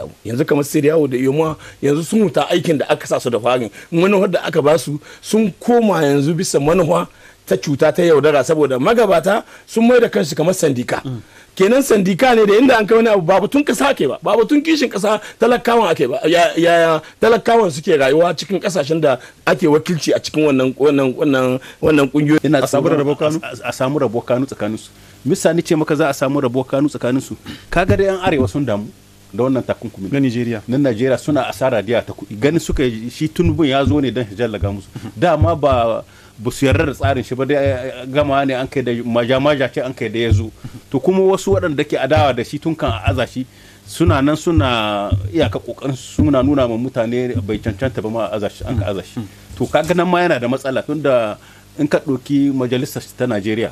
abu yanzu kamar sai yawo da yoma yanzu sun huta aikin da aka sa su da farin manufar da aka basu sun koma yanzu bisa manufa ta cuta ta yaudara saboda magabata sun mai da kansu kamar sandika mm. kenan sandika ne da inda an kai wani abu ba batun kasa ake ba ba batun kishin kasa talakawan ake ba ya talakawan suke rayuwa cikin kasashen da ake wakilci a cikin wannan wannan wannan wannan kungiyoyi a samu rabo kanu a samu rabo kanu tsakanin su misali ce maka za a samu rabo kanu tsakanin su kaga da yan arewa sun damu da wannan takunkumi na Nigeria na Nigeria suna asara diya ta kuɗi ganin suka shi tunubun ya zo ne don laga musu dama ba ba su yarda da tsarin shi ba dai eh, eh, gama ne an kai da maja-maja ce an kai da ya zo to kuma wasu waɗanda ke adawa da shi tun kan a aza shi suna nan suna iyaka kokarin suna nuna ma mutane bai cancanta ba ma aza an ka aza mm. to kaga nan ma yana da matsala tunda in ka ɗauki majalisar ta Najeriya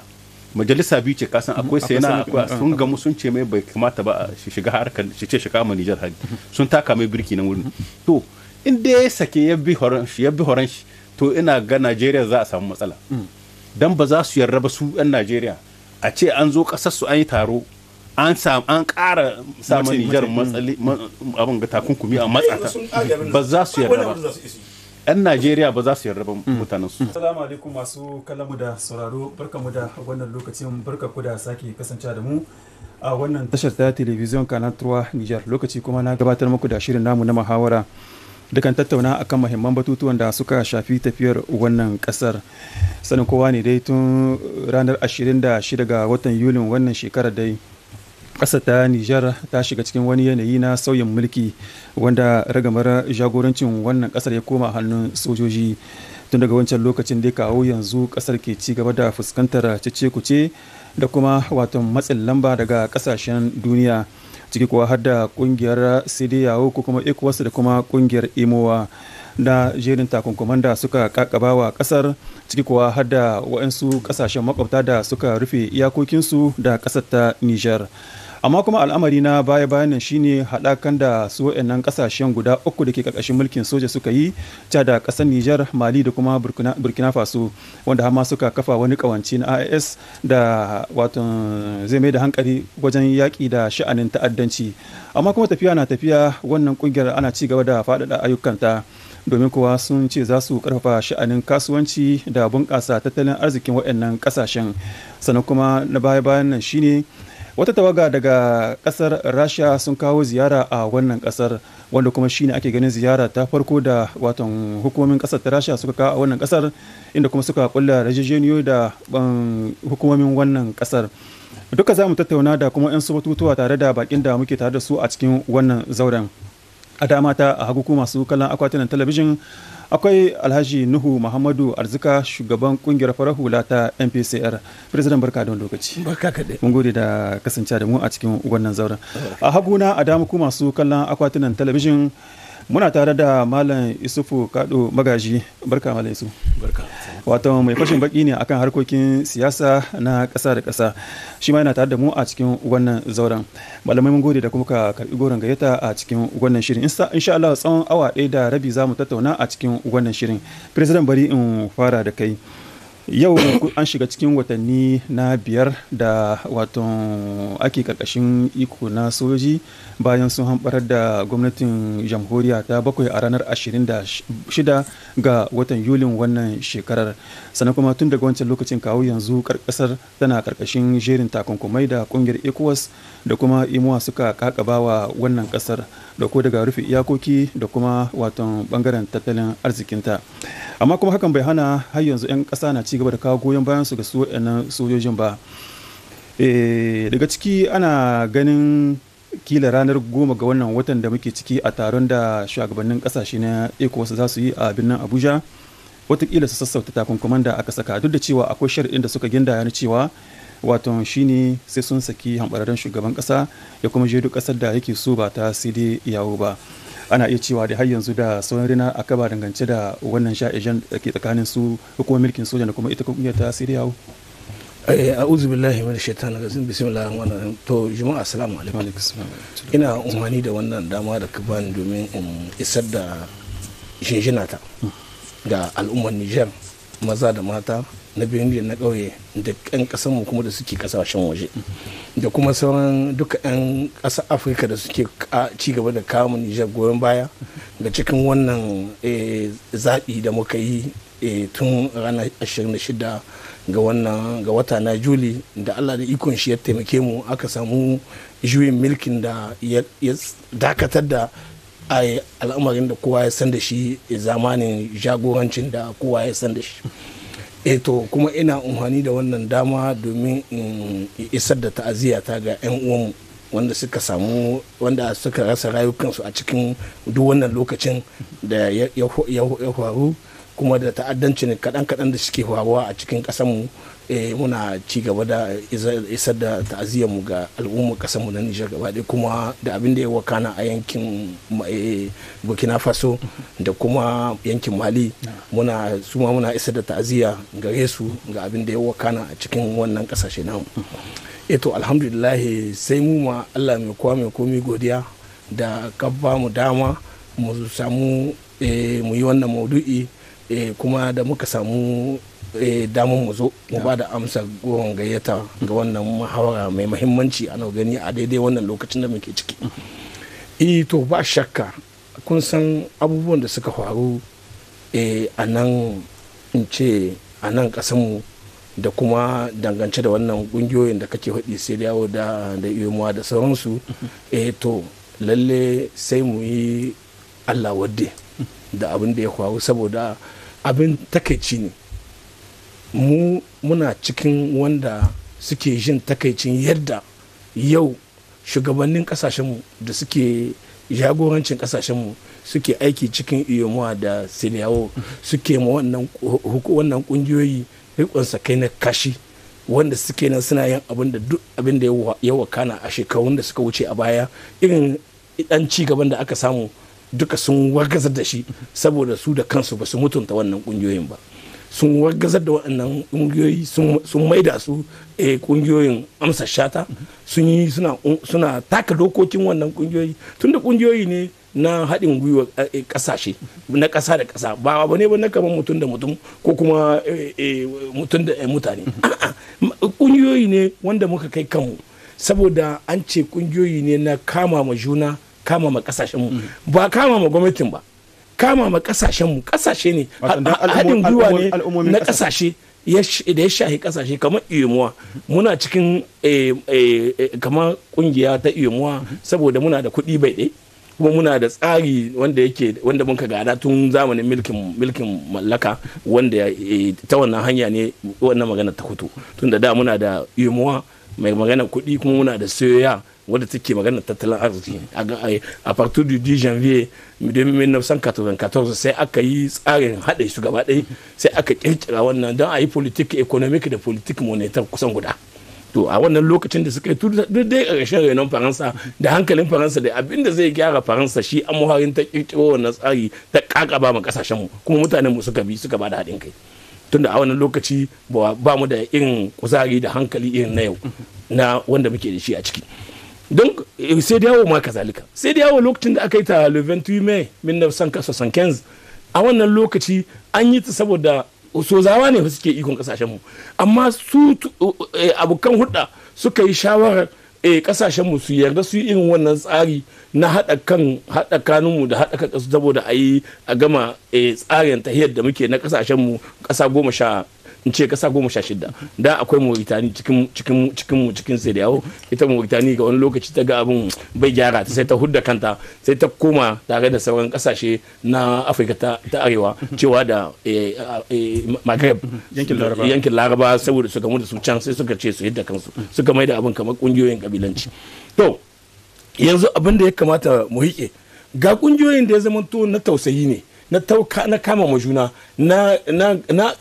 majalisa biyu ce kasan akwai sai na sun eh. gamu sun ce mai bai kamata ba shi shiga harkar shi ce shiga ma Nijar hari sun taka mai birki na wurin to in da ya sake ya bi horon shi to ina ga Najeriya za a samu matsala mm. dan ba za su yarda ba su yan Najeriya a ce an zo kasar su an yi taro an samu an kara samun Nijar matsali abin ga takunkumi a matsata ba za su yarda ba 'yan najeriya ba za su yarda ba mm. mutanen su mm. Assalamu alaikum masu kalamu da sauraro barkamu da wannan lokacin barkaku da sake kasance da mu a wannan tashar ta telebiziyon kanal 3 nijar lokaci kuma na gabatar muku da shirin namu na muhawara dukan tattauna akan mahimman batutuwan da suka shafi tafiyar wannan kasar sanin kowa ne dai tun ranar 26 ga watan yulin wannan shekarar dai ƙasa ta Nijar ta shiga cikin wani yanayi na sauyin mulki wanda ragamar jagorancin wannan ƙasar ya koma hannun sojoji tun daga wancan lokacin da kawo yanzu ƙasar ke ci gaba da fuskantar cece kuce da kuma wato matsin lamba daga ƙasashen duniya ciki kuwa har da ƙungiyar yawo ko kuma ecowas da kuma ƙungiyar imowa na jerin takunkuman da suka kakaba wa kasar ciki kuwa har da waɗansu ƙasashen makwabta da suka rufe iyakokinsu da ƙasar ta nijar amma kuma al'amari na baya bayan nan shine haɗakan da su wayannan kasashen guda uku da ke ƙarƙashin mulkin soja suka yi ta da ƙasar Nijar Mali da kuma Burkina Faso wanda ma suka kafa wani ƙawance na ais da wato zai mai da hankali wajen yaƙi da sha'anin ta'addanci amma kuma tafiya na tafiya wannan ƙungiyar ana ci gaba da faɗaɗa ayyukanta domin kowa sun ce za su karfafa sha'anin kasuwanci da bunƙasa tattalin arzikin waɗannan ƙasashen sannan kuma na baya-bayan nan shine wata tawaga daga kasar rasha sun kawo ziyara a wannan kasar wanda kuma shine ake ganin ziyara ta farko da watan hukumomin kasar ta rasha suka kawo a wannan kasar inda kuma suka kulla rajajeniyo da hukumomin wannan kasar duka za mu tattauna da kuma 'yan su batutuwa tare da bakin da muke tare da su a cikin wannan zauren a dama ta a hakuku masu kallon akwatunan talabijin akwai alhaji nuhu muhammadu arzika shugaban kungiyar farar hula ta mpcr president barka don lokaci mun gode da kasance da mu a cikin wannan zauren a haguna a damu ku masu kallon akwatunan talabijin muna tare da malam isufu kado magaji barka malam isu wato mai fashin baki ne akan harkokin siyasa na ƙasa da kasa, shi ma yana tare da mu a cikin wannan zauren malamai mun gode da kuma ka karbi goron gayyata a cikin wannan shirin sha Allah tsawon awa ɗaya da rabi za mu tattauna a cikin wannan shirin president bari in fara da kai yau an shiga cikin watanni na biyar da wato ake karkashin iko na sojoji bayan sun hamɓarar da gwamnatin jamhuriya ta bakwai a ranar 26 ga watan yulin wannan shekarar sannan kuma tun daga wancan lokacin kawo yanzu ƙasar tana karkashin jerin takunkumai da ƙungiyar ecowas da kuma imuwa suka wa wannan ƙasar da ko daga rufe iyakoki da kuma watan bangaren tattalin arzikinta amma kuma hakan bai hana har yanzu 'yan ƙasa na cigaba da kawo goyon bayan su ga su sojojin ba eh, daga ciki ana ganin kila ranar goma ga wannan watan da muke ciki a taron da shugabannin kasashe na ecowas za su yi a birnin abuja watakila su sassauta takunkuman da aka saka duk da cewa akwai sharaɗin da suka gindaya na cewa wato shine sai sun saki hambararren shugaban kasa ya kuma je duk kasar da yake so ba ta sai yawo ba ana iya cewa da har yanzu da sauran rina a kaba dangance da wannan sha'ijan da ke tsakanin su hukumar mulkin soja da kuma ita kungiyar ta sai yawo Eh, a'udhu billahi minash shaitanir rajim bismillahir rahmanir rahim to juma'a assalamu alaikum ina umani da wannan dama da ka domin in isar da jinjinata ga al'ummar Nijar maza da mata na birni na ƙauye da kasar mu kuma da suke ƙasashen waje da kuma sauran duka 'yan ƙasar afirka da suke ci gaba da kamun nijar goyon baya ga cikin wannan eh, zaɓi da muka yi eh, tun ranar 26 ga wannan ga wata na juli da allah da ikon shi ya taimake mu aka samu juyin milkin da ya dakatar da al'amarin da kowa ya san da shi zamanin jagorancin da kowa ya san da shi eto eh kuma ina umarni da wannan dama domin in isar da ta'aziyya ta ga 'yan uwanmu wanda suka samu wanda suka rasa rayukansu a cikin duk wannan lokacin da ya faru kuma da ta'addancin kaɗan-kaɗan da suke faruwa a cikin ƙasarmu eh, muna ci gaba da isar da ta'aziyyarmu ga al'ummar ƙasarmu na Nijar gaba ɗaya kuma da abin da ya wakana a yankin eh, Burkina Faso da kuma yankin Mali muna suma muna isar da ta'aziyya gare su ga abin da ya wakana a cikin wannan ƙasashe na Eto eh, alhamdulillah sai mu ma Allah mai kowa mai komi godiya da ka ba mu dama mu samu mu yi wannan maudu'i Eh, kuma da muka samu eh, damar mu zo mu ba da amsa goron gayyata ga wannan muhawara mai mahimmanci ana gani a daidai wannan lokacin da muke ciki e to ba shakka kun san abubuwan da suka faru a nan in ce a nan kasanmu da kuma dangance da wannan kungiyoyin da kake haɗi sai yawo da da iyomuwa da sauransu e to lalle sai mu yi allah wadde da abin da ya kwawo saboda abin takaici ne mu muna cikin wanda suke jin takaicin yadda yau shugabannin kasashenmu da suke jagorancin kasashenmu suke aiki cikin iyomuwa da siliyawo suke ma wannan kungiyoyi rikon kai na kashi wanda suke nan suna yin abin da duk abin da ya wakana a shekarun da suka wuce a baya irin dan ci gaban da aka samu duka sun wargazar da shi saboda su da kansu ba su mutunta wannan kungiyoyin ba sun wargazar da waɗannan kungiyoyi sun maida su kungiyoyin eh, amsa shata sun yi suna taka dokokin wannan kungiyoyi tunda kungiyoyi ne na haɗin gwiwa eh, ƙasashe na ƙasa da ƙasa ba ba ne ba na kamar mutum da mutum ko kuma eh, mutum da mutane ƙungiyoyi ne wanda muka kai kanmu saboda an ce ƙungiyoyi ne na kama ma juna kama ma kasashen mu ba kama ma gwamnatin ba kama ma kasashen mu kasashe ne haɗin gwiwa ne na kasashe da ya shahi kasashe kamar iyamuwa. muna cikin eh, eh, eh, kamar kungiya ta iyamuwa saboda muna da kuɗi bai ɗai kuma muna da tsari wanda yake wanda mun gada tun zamanin milkin mallaka wanda ta wannan hanya ne wannan magana ta hutu tun da da muna da iyamuwa mai magana kuɗi kuma muna da soyayya wadda take magana tattalin arziki a partir du 10 janvier 1994 sai aka yi tsarin haɗe su gaba ɗaya sai aka kirkira wannan don a yi politik economic da politik monetar kusan guda to a wannan lokacin da suka yi duk dai ƙarshen renon faransa da hankalin faransa da abin da zai gyara faransa shi an muharin ta kirkiro wannan tsari ta kakaba ma kasashen mu kuma mutanen mu suka bi suka ba da haɗin kai tunda a wannan lokaci ba mu da irin kuzari da hankali irin na yau na wanda muke da shi a ciki don euh, sai da yawo ma kazalika sai da yawo lokacin da aka yi ta le 28 mai 1975 a wannan lokaci an yi ta saboda sozawa ne suke ikon kasashenmu. amma su eh, abokan hudda suka yi shawarar eh, kasashenmu kasashen su yarda su yi irin wannan tsari na haɗa kan haɗa kanunmu da haɗa kan saboda a yi a gama eh, tsarin tahiyar da muke na kasashenmu kasa ƙasa goma sha in ce kasa goma sha shida da akwai mauritani cikin cikin cikin cikin sai da yawo ita mauritani ga wani lokaci ta ga abin bai gyara ta sai ta hudda kanta sai ta koma tare da sauran kasashe na afirka ta, arewa cewa da eh, eh, eh, maghreb yankin laraba saboda suka mutu su can sai suka ce su yadda kansu suka mai da abin kamar kungiyoyin kabilanci to yanzu abin da ya kamata mu hike ga kungiyoyin da ya zama to na tausayi ne na na kama ma juna na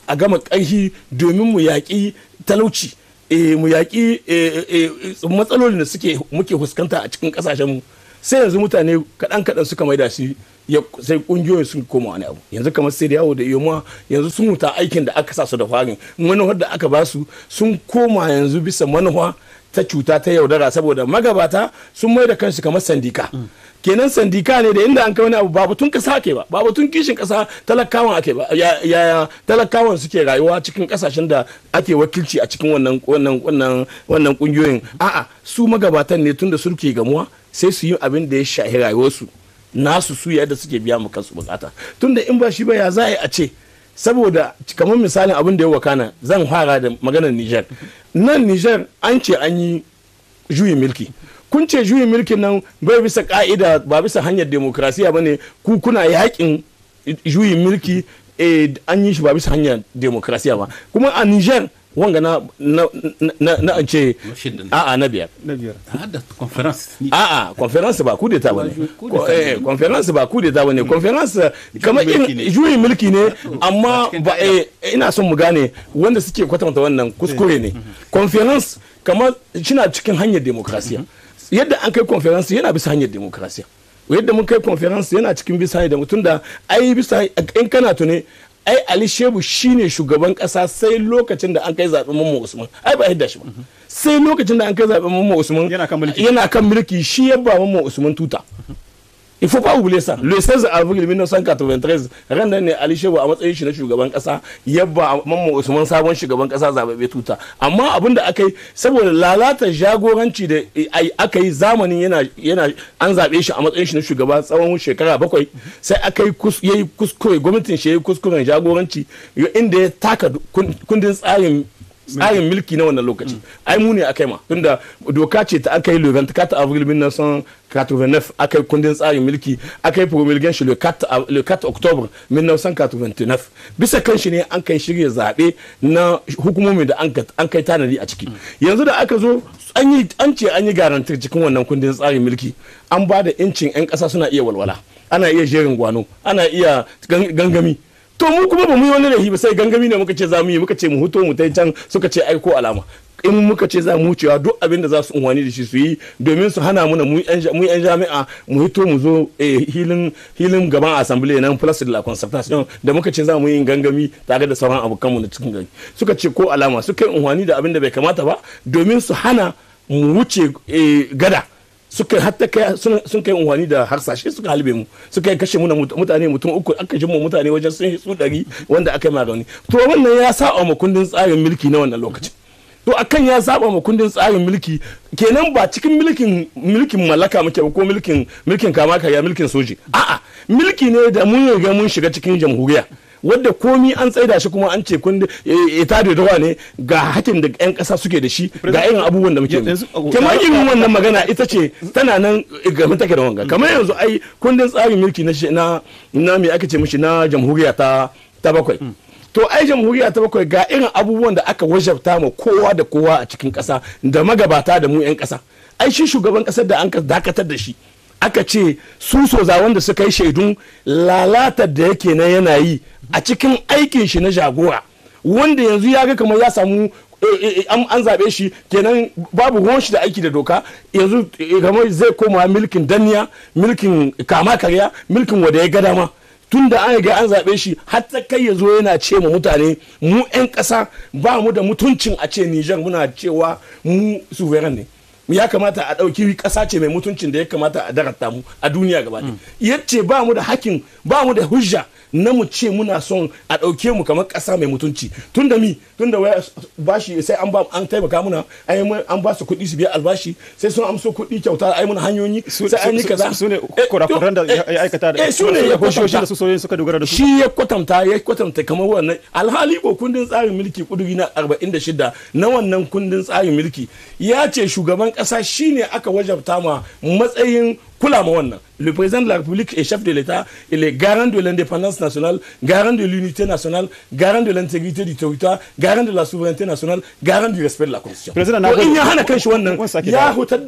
a gama ƙarfi domin mu yaƙi talauci eh, mu yaƙi eh, eh, matsalolin da suke muke fuskanta a cikin kasashen mu sai yanzu mutane kaɗan kaɗan suka maida shi sai ƙungiyoyin sun koma wani abu yanzu kamar sai da yawo da yoma yanzu sun huta aikin da aka sa su da farin manufar da aka basu sun koma yanzu bisa manufa ta cuta ta yaudara saboda magabata sun mai da kansu kamar sandika mm. kenan sandika ne da inda an kai wani abu ba batun kasa ake ba ba batun kishin kasa talakawan ake ba ya talakawan suke rayuwa cikin kasashen da ake wakilci a cikin wannan wannan wannan wannan kungiyoyin a'a su magabatan ne tunda sulke gamuwa sai su yi abin da ya shahi rayuwarsu nasu su yadda suke biya mu kansu bukata tunda in ba shi ba ya za a ce saboda kamar misalin abin da ya wakana zan fara da maganar Niger nan Niger an ce an yi juyin milki. kun ce juyin mulkin nan bai bisa ka'ida ba bisa hanyar demokrasiya ba ne ku kuna yakin juyin mulki eh, an yi shi ba bisa hanyar demokrasiya ba kuma a niger wanga na na na na an ce a'a na biyar ah, a'a conference ba ku ta eh, ne conference ba ku ta ne conference kamar juyin mulki ne ah, amma ba eh, ina son mu gane wanda suke kwatanta wannan kuskure ne mm-hmm. conference kamar shina cikin hanyar demokrasiya mm-hmm. yadda an kai conference yana bisa hanyar demokrasiya yadda mun kai conference yana cikin bisa hanyar mutum da ai bisa in kana tune ai ali shebu shine shugaban kasa sai lokacin da an kai zaben mamman usman ai ba yadda shi ba mhm. sai lokacin da an kai zaben mamman usman yana kan mulki shi ya ba mamman usman tuta mhm. il faut pas oublier ça le 16 avril 1993 ran nan ne Ali Shehu a matsayin shi na shugaban kasa yabba mamma Usman sabon shugaban kasa zababe tuta amma abinda aka yi saboda lalata jagoranci da aka yi zamanin yana yana an zabe shi a matsayin shi na shugaba tsawon shekara bakwai sai aka yayi kuskure gwamnatin shi yayi kuskuren jagoranci inda ya taka kundin tsarin tsarin milki na wannan lokaci ai mu ne akai ma tunda doka ce ta aka yi le 24 avril 1989 aka yi kundin tsarin milki aka yi promulgation shi le 4 october 1989 bisa kan shi ne an kai shirya zaɓe na hukumomi da an kai tanadi a ciki yanzu da aka zo an ce an yi garantir cikin wannan kundin tsarin milki. an ba da incin 'yan ƙasa suna iya walwala ana iya jerin gwano ana iya gangami to mu kuma ba mu yi wani rahi ba sai gangami ne muka ce za mu yi muka ce mu huto mu ta can suka ce aiko alama in muka ce za mu wucewa duk abin da za su unwani da shi su yi domin su hana muna mu yan jami'a mu hito mu zo eh, hilin gaban assembly nan plus de la concertation da muka ce za mu yi gangami tare da sauran mu na cikin gari suka ce ko alama suka yi unwani da abin da bai kamata ba domin su hana mu wuce eh, gada suka hatta kai sun kai unwani da harsashe suka halbe mu suka yi kashe muna mutane mutum uku aka jimma mutane wajen sun su dari wanda aka yi magani to wannan ya saba ma kundin tsarin mulki na wannan lokacin to akan ya saba ma kundin tsarin mulki kenan ba cikin mulkin mulkin mallaka muke ko mulkin mulkin kama karya mulkin soji a'a mulki ne da mun riga mun shiga cikin jamhuriya wadda komi an tsaida shi kuma an ce kun ita eh, eh, da dawa ne ga hakin da yan kasa suke da shi ga irin abubuwan da muke oh, kuma irin wannan magana ita ce tana nan mun eh, take da wanga kamar yanzu ai kundin tsarin mulki na na me ake ce mishi na jamhuriya ta ta bakwai hmm. to ai jamhuriya ta bakwai ga irin abubuwan da aka wajabta ma kowa da kowa a cikin kasa da magabata da mu yan kasa ai shi shugaban kasar da an dakatar da shi aka ce su soza wanda suka yi shaidun lalatar da yake na yanayi a cikin aikin shi na jagora wanda yanzu ya ga kamar ya samu eh, eh, eh, an zaɓe shi kenan babu ruwan shi da aiki da doka yanzu kamar zai koma milkin danniya milkin kama karya milkin wada ya ga dama tun da an ga an zaɓe shi har ta kai ya zo yana ce ma mutane mu 'yan ƙasa ba mu da mutuncin a ce Nijar muna cewa mu suveran ne ya kamata a ɗauki ƙasa ce mai mutuncin da ya kamata a darata mu a duniya gaba mm. yace ba mu da hakin ba mu da hujja na mu ce muna son a ɗauke mu kamar ƙasa mai mutunci tun da mi tun da bashi sai an ba an taimaka muna an ba su kuɗi su biya albashi sai sun amso kuɗi kyauta ai muna hanyoyi sai an yi kaza su ne kurakuran da ya aikata da su ne ya kwatanta da su soyayya suka dogara da su shi ya kwatanta ya kwatanta kamar wannan alhali ko kundin tsarin mulki kuduri na 46 na wannan kundin tsarin mulki ya ce shugaban ƙasa shine aka wajabta ma matsayin Kula Mouana, le président de la République et chef de l'État, il est garant de l'indépendance nationale, garant de l'unité nationale, garant de l'intégrité du territoire, garant de la souveraineté nationale, garant du respect de la Constitution. Président, il y a un kanshi wannan,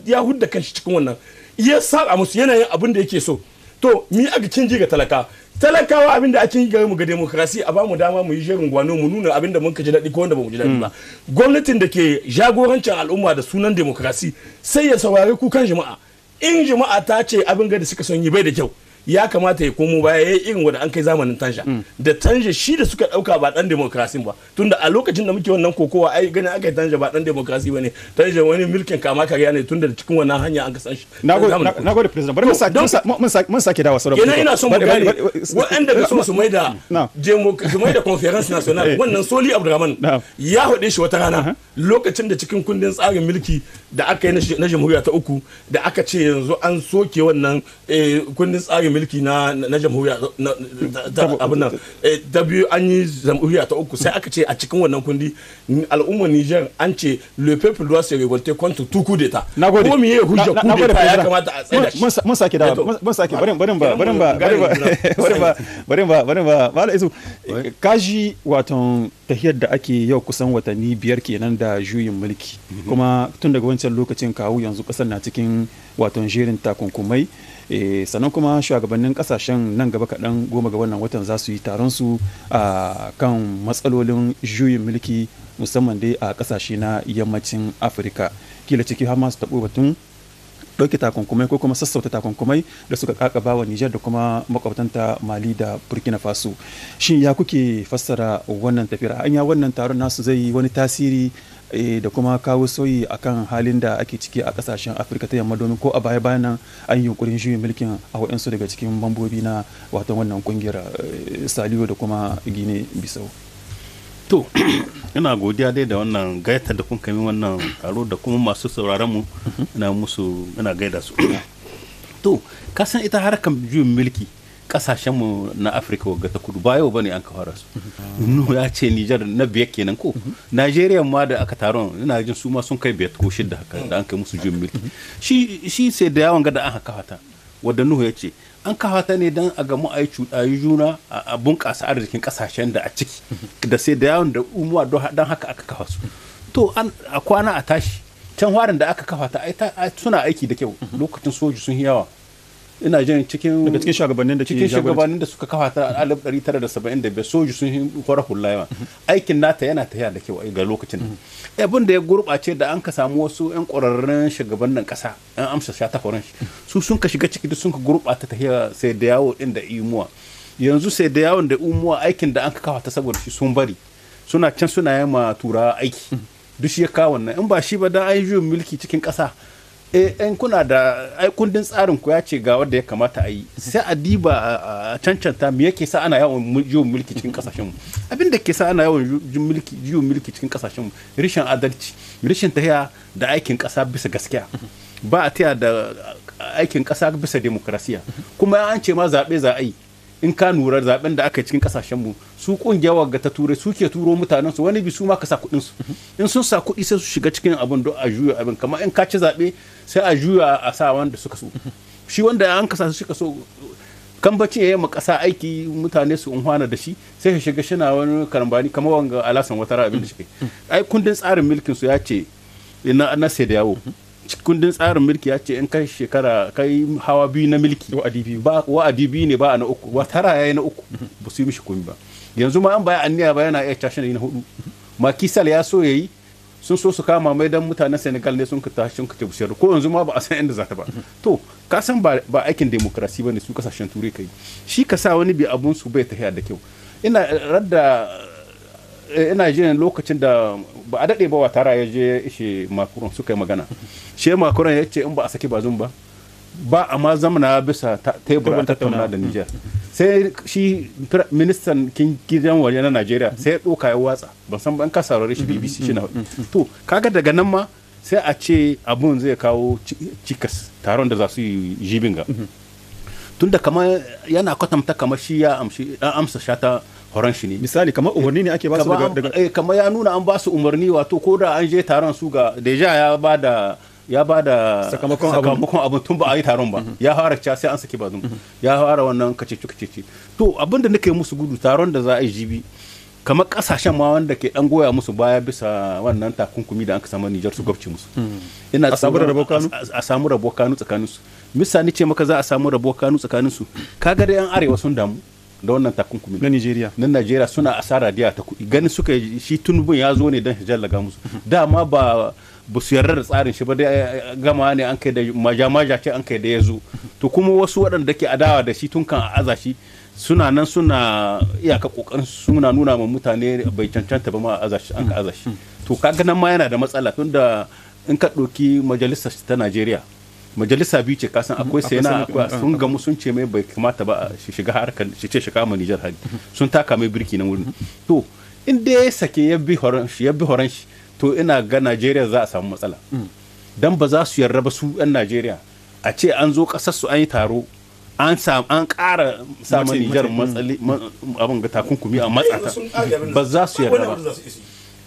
ya hudda kanshi cikin wannan. Ya saba musu yanayin abin da yake so. To, mi aka kinji ga talaka? talakawa abin da ake yi gare mu ga demokrasi a bamu dama mu yi jerin gwano mu nuna abin da muka ji daɗi ko wanda bamu ji daɗi ba gwamnatin da ke jagorancin al'umma da sunan demokrasi sai ya ku kan jama'a in juma'a ta ce abin da suka son yi bai da kyau ya kamata ya komo baya ya yi irin wanda an kai zamanin tanja mm. da tanja shi da suka dauka ba dan demokrasi ba tunda a lokacin da muke wannan kokowa ai gani aka yi tanja ba dan demokrasi bane tanja wani mulkin kama kariya ne tunda cikin wannan hanya an ka san shi nagode president bari mun sake mun sake dawo sauran kenan ina son mu gane wanda ga mai da maida su da conference national eh. wannan soli abdurrahman ya hode shi wata rana uh-huh. lokacin da cikin kundin tsarin mulki da aka yi na jamhuriya ta uku da aka ce yanzu an soke wannan eh, kundin tsarin mulki na na jamhuriya abin nan eh, ta biyu an yi jamhuriya ta uku sai aka ce a cikin wannan kundi al'ummar Niger an ce le peuple doit se révolter contre tout coup d'état nagode ko miye hujja coup d'état ya kamata a tsaya shi mun sake da mun sake barin barin ba barin ba barin ba barin ba barin ba barin ba mala isu kaji waton tahiyar da ake yau kusan watanni biyar kenan da juyin mulki mhm. kuma tun daga wancan lokacin kawo yanzu kasar na cikin waton jerin takunkumai Eh, sannan kuma shugabannin kasashen nan gaba kaɗan goma ga wannan watan za su yi taron su a kan matsalolin juyin mulki musamman dai a kasashe na yammacin afirka kila ciki har masu taɓo batun ɗauke takunkumai ko kuma sassauta takunkumai da suka kakaba wa Nijar da kuma makwabtanta Mali da Burkina Faso. Shin ya kuke fassara wannan tafiyar? Anya wannan taron nasu zai yi wani tasiri eh, da kuma kawo sauyi kan halin da ake ciki a kasashen afirka ta yamma domin ko a baya bayan nan an yi yunkurin juyin mulkin a waɗansu daga cikin mambobi na wato wannan kungiyar eh, saliyo da kuma gine bisau to ina godiya dai da wannan gaita da kun kami wannan taro da kuma masu sauraron mu ina musu ina gaida su to kasan ita harkar juyin mulki kasashenmu na afirka wagga ta kudu ba yau bane an kafara su nu ya ce nijar na biyar kenan ko Nigeria ma da aka taron ina jin su ma sun kai biyar ko shidda haka da an kai musu juyin mulki shi sai da yawan gada an haka fata wadda nuhu ya ce an kafa ta ne don a gamu a yi cuɗayi juna a bunƙasa arzikin ƙasashen da a ciki da sai da yawon da umuwa don haka aka kafa su to a kwana a tashi can warin da aka kafa ta suna aiki da kyau lokacin soji sun yawa ina jin cikin cikin shugabannin da cikin shugabannin da suka kafa ta alif 1975 soji sun yi kwara hullaya aikin nata yana tafiya da kyau ga lokacin abin da ya gurɓace da an ka samu wasu yan ƙwararren shugabannin ƙasa yan amsa sha takwarin su sun ka shiga ciki sun ka gurɓata tafiya sai da yawo din da imuwa yanzu sai da yawon da imuwa aikin da an ka kafa ta saboda shi sun bari suna can suna yama turawa aiki duk shi ya kawo wannan in ba shi ba da an yi mulki cikin ƙasa Eh, in kuna da kundin tsarin ku ya ce ga wanda ya kamata a yi sai a diba a cancanta me yake sa ana yawan jiwon mulki cikin kasashen mu abin da ke sa ana yawan jiwon mulki cikin kasashen mu rishin adalci rishin tahiya da aikin kasa bisa gaskiya ba a taya da aikin kasa bisa demokrasiya kuma an ce ma zaɓe za a yi in ka nura zaben da aka yi cikin kasashen mu su kungiyawa ga ta turai suke turo mutanen su wani bi su ma ka sa kudin su in sun sa kudi sai su shiga cikin abin don a juya abin kamar in ka ci zabe sai a juya a sa wanda suka so shi wanda an kasa su suka so kan bacci ya yi ma kasa aiki mutane su unhwana da shi sai ka shiga shina wani karambani kamar wanga alasan wata abin da shi ai kundin tsarin mulkin su ya ce na na sai da yawo kundin tsarin mulki ya ce in kai shekara kai hawa biyu na mulki wa'adi biyu ne ba na uku watara ya yayi na uku ba su yi mishi komi ba yanzu ma an baya anniya ba yana iya yi na hudu makisal ya so yayi sun so su kama mai dan mutanen senegal ne sun ka tashi sun busiyar ko yanzu ma ba a san inda za ta ba to ka san ba aikin demokrasi ba ne su kasashen turai kai shi ka sa wani bi abun su bai tafiya da kyau ina radda Eh, ina jin lokacin da ba a daɗe ba wa tara ya je ishe makuran suka yi magana she makuran ya ce in ba a saki ba ba ba a ma zamana bisa tebura a tattauna da mm. Nijar sai shi ministan gidan waje na Najeriya sai ya ɗoka ya watsa ban san ban ka saurare shi mm-hmm. BBC mm-hmm. shi na mm-hmm. to kaga daga nan ma sai a ce abun zai kawo cikas taron da za su yi jibin ga tunda kamar yana kwatanta kamar shi ya amsa shata horon shi ne misali kamar umarni ne ake ba su daga eh kamar ya nuna an ba su umarni wato ko da an je taron su ga deja ya ba da ya ba da sakamakon abun tun ba a yi taron ba ya fara cewa sai an saki bazum ya fara wannan kace kacece kacece to abin da nake musu gudu taron da za a yi jibi kamar kasashen ma wanda ke dan goya musu baya bisa wannan takunkumi da aka samu Niger su gwabce musu hmm. ina a samu rabo kanu a samu rabo kanu tsakanin su misali ce maka za a samu rabo kanu tsakanin su kaga da yan arewa sun damu da wannan takunkumi na Nigeria na Nigeria suna asara diya ta kuɗi ganin suka shi tunubun ya zo ne don jallaga musu dama ba ba su yarda da tsarin shi ba dai eh, eh, gama ne an kai da maja ce an kai da ya zo to kuma wasu waɗanda ke adawa da shi tun kan a aza shi suna nan suna iyaka kokarin suna nuna ma mutane bai cancanta ba ma aza an ka aza to kaga nan ma yana da matsala tunda in ka ɗauki majalisar ta Najeriya majalisa biyu ce kasan akwai sai na sun gamu sun ce mai bai kamata ba shi shiga harkar shi ce shiga ma Nijar hari sun taka mai birki na wurin to in da ya sake ya bi horon shi to ina ga Najeriya za a samu matsala dan ba za su yarda ba su yan Najeriya a ce an zo kasar su an yi taro an samu an kara samun Nijar matsali abin ga takunkumi a matsata ba za su yarda ba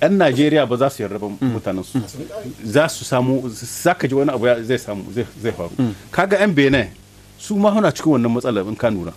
'yan najeriya ba za su yarda ba mutanen su za su samu za ka ji wani abu zai samu zai faru kaga 'yan benin su ma suna cikin wannan matsalar in ka nuna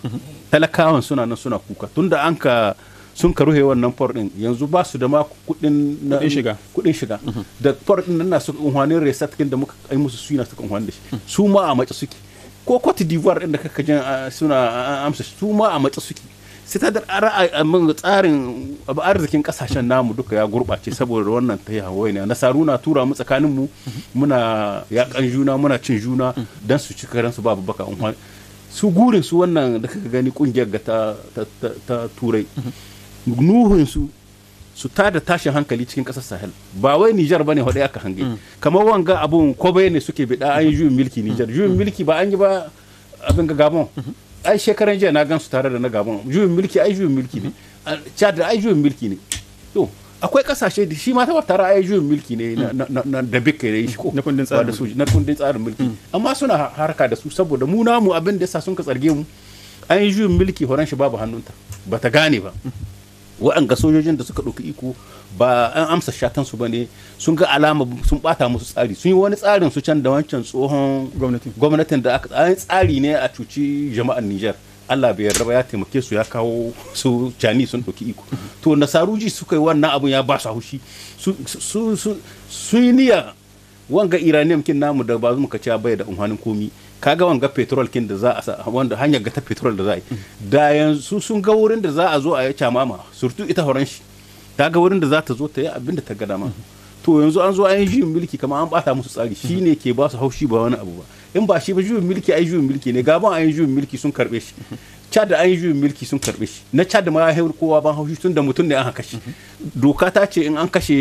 talakawan suna nan suna kuka tunda an ka sun ka ruhe wannan for din yanzu ba su da ma kudin shiga shiga da for din nan na su unhwanin resa cikin da muka kai musu suna su unhwanin da shi su ma a mace suke ko Cote d'Ivoire din da kaka jin ah, suna ah, ah, amsa su ma a mace suke sai ta dar eh, tsarin arzikin kasashen namu duka ya gurɓace saboda wannan ta yi na nasaru na tura mu tsakanin mu muna yakan juna muna cin juna dan su ci karen su babu baka su gurin su wannan da kaka gani kungiyar ga ta turai nuhun su ta da tashin hankali cikin kasar sahel ba wai nijar ne hade aka hange kamar wanga abun kobe ne suke bida an yi juyin milki nijar juyin milki ba an yi ba abin ga gabon ai shekaran jiya na gansu tare da na gaban juyin mulki ai juyin mulki ne chad ai juyin mulki ne to akwai kasashe da shi ma ta tara ai juyin mulki ne na da bika ne shi ko na kundin tsarin su na kundin tsarin mulki mm. amma suna harka da su saboda mu namu abin da yasa sun ka tsarge mu ai juyin mulki horan shi babu hannunta bata gane ba mm. waɗanga sojojin da suka ɗauki iko ba an amsa shatan su ne sun ga alama sun bata musu tsari sun yi wani tsarin su can da wancan tsohon gwamnatin da aka tsari ne a cuci jama'an Nijar Allah bai yarda ba ya taimake su ya kawo su cani sun ɗauki iko to nasaruji suka yi wannan abun ya ba su haushi su yi niyya wanga iraniyan kin namu da ba mu ka bai da umhanin komi kaga wanga petrol kin da za a sa wanda hanyar ga ta petrol da za a yi da yanzu sun ga wurin da za a zo a yi camama surtu ita horon shi ta ga wurin da za ta zo ta yi abin da ta ga dama to yanzu an zo an yi mulki kamar an bata musu tsari shine ke ba su haushi ba wani abu ba in ba shi ba juyin mulki ai juyin mulki ne gaban an yi juyin mulki sun karbe shi cad da an yi juyin mulki sun karbe shi na cad ma ya kowa ban haushi tun da mutum ne an kashe doka ta ce in an kashe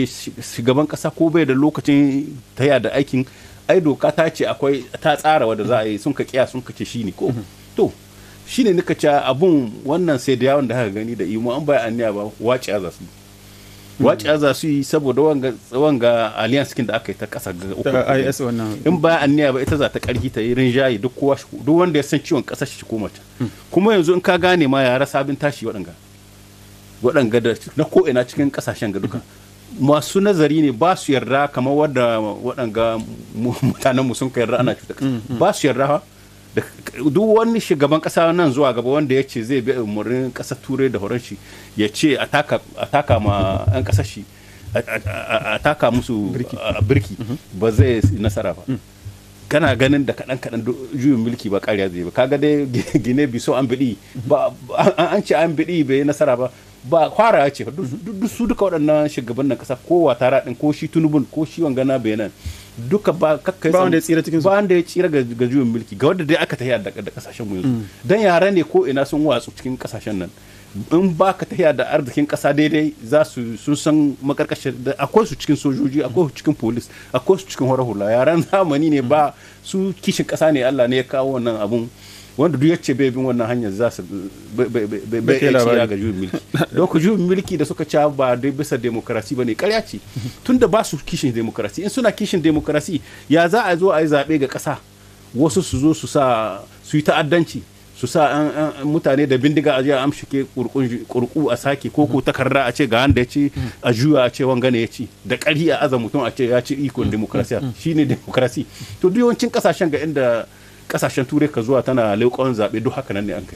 shugaban kasa ko bai da lokacin taya da aikin ai doka ta ce akwai ta tsara wadda za a yi sun ka kiya sun ka ce ne ko mhm. to shi ne nika ce abun wannan sai da yawon da haka gani da imo an baya aniya ba wace za su mhm. wace za su yi saboda wanga wanga alliance kin da aka yi ta kasa ga uku in baya aniya ba ita za ta karki ta yi rinjaye duk kowa duk wanda ya san ciwon kasar shi ko ta mhm. kuma yanzu in ka gane ma ya rasa abin tashi waɗanga waɗanga da na ko ina cikin kasashen ga duka masu nazari ne ba su yarda kamar wadda waɗanga mutanen mu sun ka yarda ana cuta mm, mm. ba su yarda duk wani shugaban kasa nan zuwa gaba wanda ya ce zai bi umarnin ƙasa turai da horon ya ce a taka ma 'yan kasar shi a taka musu birki mm-hmm. ba zai nasara ba mm. kana ganin da kaɗan kaɗan juyin mulki ba ƙarya zai ba kaga dai gine biso an biɗi ba an ce an biɗi bai nasara ba ba kwara ce duk su duka waɗannan shugabannin kasa ko watara ɗin ko shi tunubun ko shi wangana benin duka ba kakka ba wanda ya tsira cikin ba wanda ya tsira ga juyin mulki ga wanda dai aka tafiya da kasashen mu yanzu mm. dan yara ne ko ina sun watsu cikin kasashen nan in ba ka tafiya da arzikin kasa daidai za su sun san makarkashin akwai su cikin sojoji akwai su cikin polis akwai su cikin hula yaran zamani ne ba su kishin kasa ne Allah ne ya kawo wannan abun wanda duk yace bai bin wannan hanyar za su bai ya ga juyin mulki don ku juyin mulki da suka ca ba dai bisa ba ne karya ce da ba su kishin demokarasi in suna kishin demokarasi ya za a zo a yi zaɓe ga ƙasa wasu su zo su sa su yi ta'addanci su sa mutane da bindiga a a amshike kurku a sake ko ko takarda a ce ga wanda ya ce a juya a ce wangane ya ci da ƙari a aza mutum a ce ya ci ikon mm, mm, mm. shi ne demokarasi to duk yawancin kasashen ga inda kasashen turai ka zuwa tana leƙon zaɓe duk haka nan ne an ka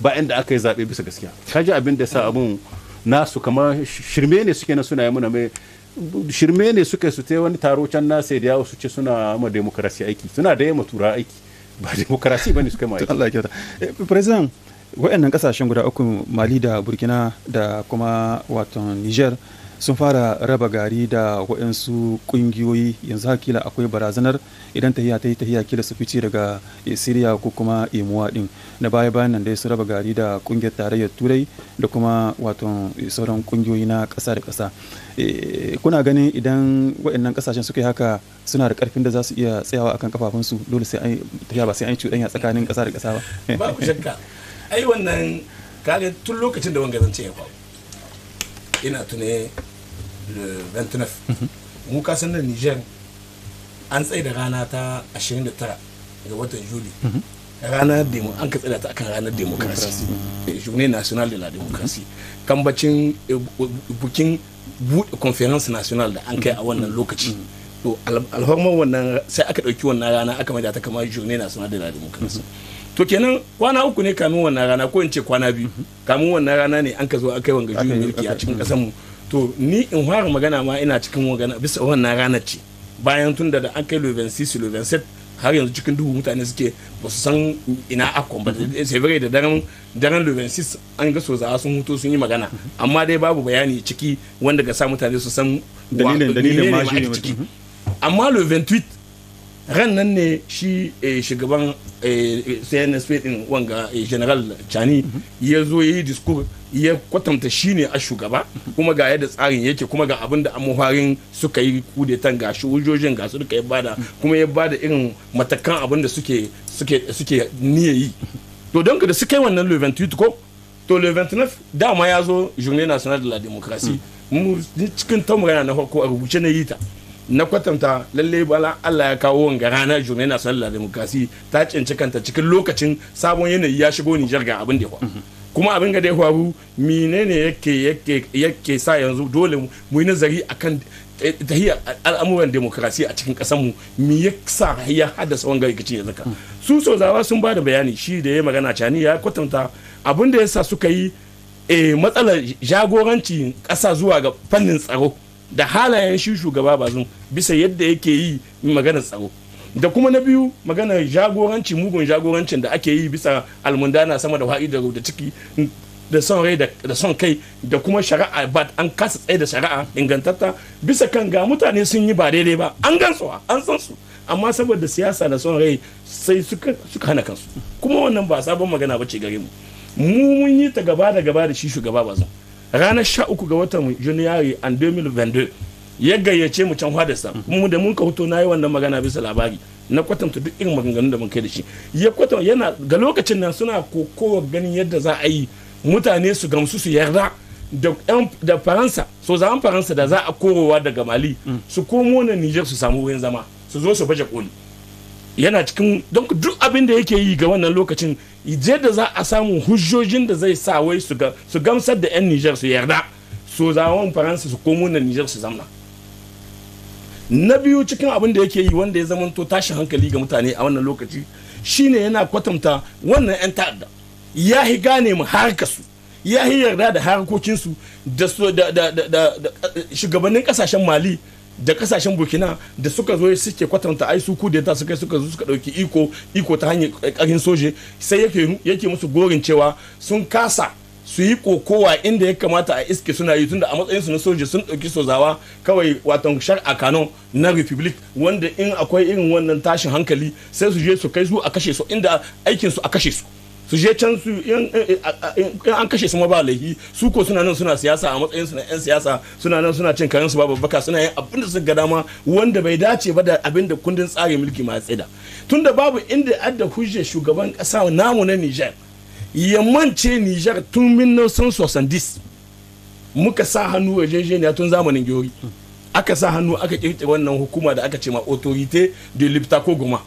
ba inda aka yi zaɓe bisa gaskiya ka ji abin da sa abin nasu kamar shirme ne suke na suna yi muna mai shirme ne suke su te wani taro can na da yawo su ce suna ma demokarasi aiki suna da yamma tura aiki ba demokarasi ba ne suke ma aiki. Eh, President wa'annan kasashen guda uku Mali da Burkina da kuma wato Niger sun fara raba gari da waɗansu ƙungiyoyi yanzu hakila akwai barazanar idan tahiya ta yi tahiya kila su fice daga eh, siriya ko kuma imuwa ɗin na baya bayan nan dai su raba gari da ƙungiyar tarayyar turai da kuma wato eh, sauran ƙungiyoyi na ƙasa da ƙasa eh, kuna ganin idan waɗannan ƙasashen suka yi haka suna da ƙarfin da za su iya tsayawa akan kafafunsu dole sai an tahiya ba sai an cuɗanya tsakanin ƙasa da ƙasa ba ba ku ai wannan kaga tun lokacin da wanga zance ya faru ina tune 29 mu kasan nan niger an tsaye da rana ta 29 ga watan juli ranar demo an ka tsada ta akan ranar demokrasi eh, journée nationale de la démocratie kambacin eh, bukin buɗe conference nationale da an kai a wannan lokaci to alhormar wannan sai aka ɗauki wannan rana aka maida ta kama journée nationale de la démocratie to kenan kwana uku ne kamin wannan rana ko in ce kwana biyu kamin wannan rana ne an ka zo aka yi wanga juyin mulki a cikin ƙasar mu to ni in fara magana ma ina cikin magana bisa wannan ranar ce bayan tun da da an kai luvensi su luvenset har yanzu cikin dubu mutane suke ba su san ina akon ba sevire da daren daren luvensi an ga so sozawa sun hutu sun yi magana mhm. amma dai babu bayani ciki wanda ga sa mutane su san dalilin dalilin ma shi ne amma luventuit ran nan ne shi eh, shugaban eh, cnsp din wanga eh, general chani ya zo ya yi diskur ya kwatanta shi ne a shugaba kuma ga yadda tsarin yake kuma ga abin da amuharin suka yi kudetan ga shi ga su yi bada kuma ya bada irin matakan abin da suke suke yi to don da suka yi wannan le 28 ko to le 29 dama ya zo journée nationale de la démocratie mm. mu cikin tamurana na farko a rubuce na yi ta na kwatanta lalle bala Allah ya kawo wanga ranar juna na sallar demokrasi ta cinci kanta cikin lokacin sabon yanayi ya shigo Nijar ga abin da ya kuma abin ga da ya faru menene yake yake yake sa yanzu dole mu yi nazari akan eh, tahiyar al'amuran demokrasi a cikin kasanmu mu. ya sa ya haddasa wanga rikicin yanzu ka su sozawa sun ba da bayani shi da ya magana cani ya kwatanta abin da ya sa suka yi eh, matsalar jagorancin kasa zuwa ga fannin tsaro da halayen shi shugaba zun bisa yadda yake yi magana tsaro da kuma na biyu magana jagoranci mugun jagorancin da ake yi bisa almundana sama da wa'i da ciki da son rai da son kai da kuma shari'a ba an kasa tsaye da shari'a ingantatta bisa kan ga mutane sun yi ba daidai ba an gansu an san su amma saboda siyasa da son rai sai suka hana kansu kuma wannan ba sabon magana ba ce gare mu mu mun yi ta gaba da gaba da shi shugaba ba zan ranar sha uku ga watan Janairu an 2022 ya gayyace mu can Hwadasa mm-hmm. mu da mun ka hoto yi wannan magana bisa labari na kwatanta duk irin maganganun da mun kai da shi ya kwatanta yana ga lokacin nan suna kokowa ganin yadda za a yi mutane su gamsu su yarda da faransa so zaman faransa da za a korowa daga mali mm. su komo na nijar su samu wurin zama su zo su baje koli yana cikin don duk abin da yake yi ga wannan lokacin je da za a samu hujjojin da zai sa wai su gamsar da 'yan Nijar su yarda su zawon faransa su komo na Nijar su zama na biyu cikin abin da yake yi wanda ya zama to tashin hankali ga mutane a wannan lokaci shine yana kwatanta wannan 'yan ta'adda ya yi gane mu harka su ya yi yarda da harkokinsu da shugabannin kasashen mali da kasashen burkina da suka zo suke kwatanta ai su kudeta suka suka zo suka dauki iko iko ta hanyar karin soje sai yake yake musu gorin cewa sun kasa su yi kokowa inda ya kamata a iske suna yi tunda a matsayinsu na soja sun ɗauki sozawa kawai watan shar a kano na republic wanda in akwai irin wannan tashin hankali sai su je su kai su a kashe su inda aikinsu a kashe su su je can su eh, eh, in an kashe su ma ba laifi su ko suna nan suna siyasa a matsayin su na yan siyasa suna nan suna cin kayan su ba babbaka suna yin abin da suka dama wanda bai dace ba da abin da kundin tsarin mulki ma tsida tunda babu inda adda hujje shugaban kasa namu na Niger ya mance Niger tun 1970 muka sa hannu a yarjejeniya tun zamanin gyori aka sa hannu aka kirkire wannan hukuma da aka ce ma autorité de ko goma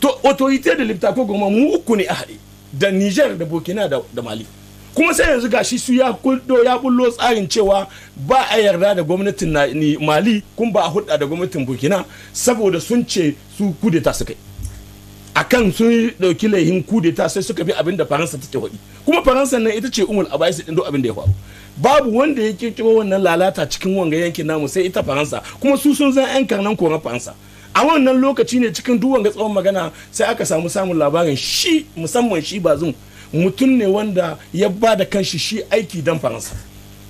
to autorité de ko goma mu uku ne a haɗe da niger da burkina da mali kuma sai yanzu shi su ya kuldo ya bullo tsarin cewa ba a yarda da gwamnatin mali kuma ba a hudda da gwamnatin burkina saboda sun ce su kudeta kai yi kan sun dauki laihin kudeta sai suka bi abin da faransa ta hudi kuma faransa nan ita ce umul bayan din abin da ya faru babu wanda ya kirkiro wannan lalata cikin wanga yankin namu sai ita faransa kuma su sun zan yan karnan koran faransa a wannan lokaci ne cikin duwan ga tsawon magana sai aka samu samun labarin shi musamman shi bazum mutum ne wanda ya ba da kanshi shi aiki dan faransa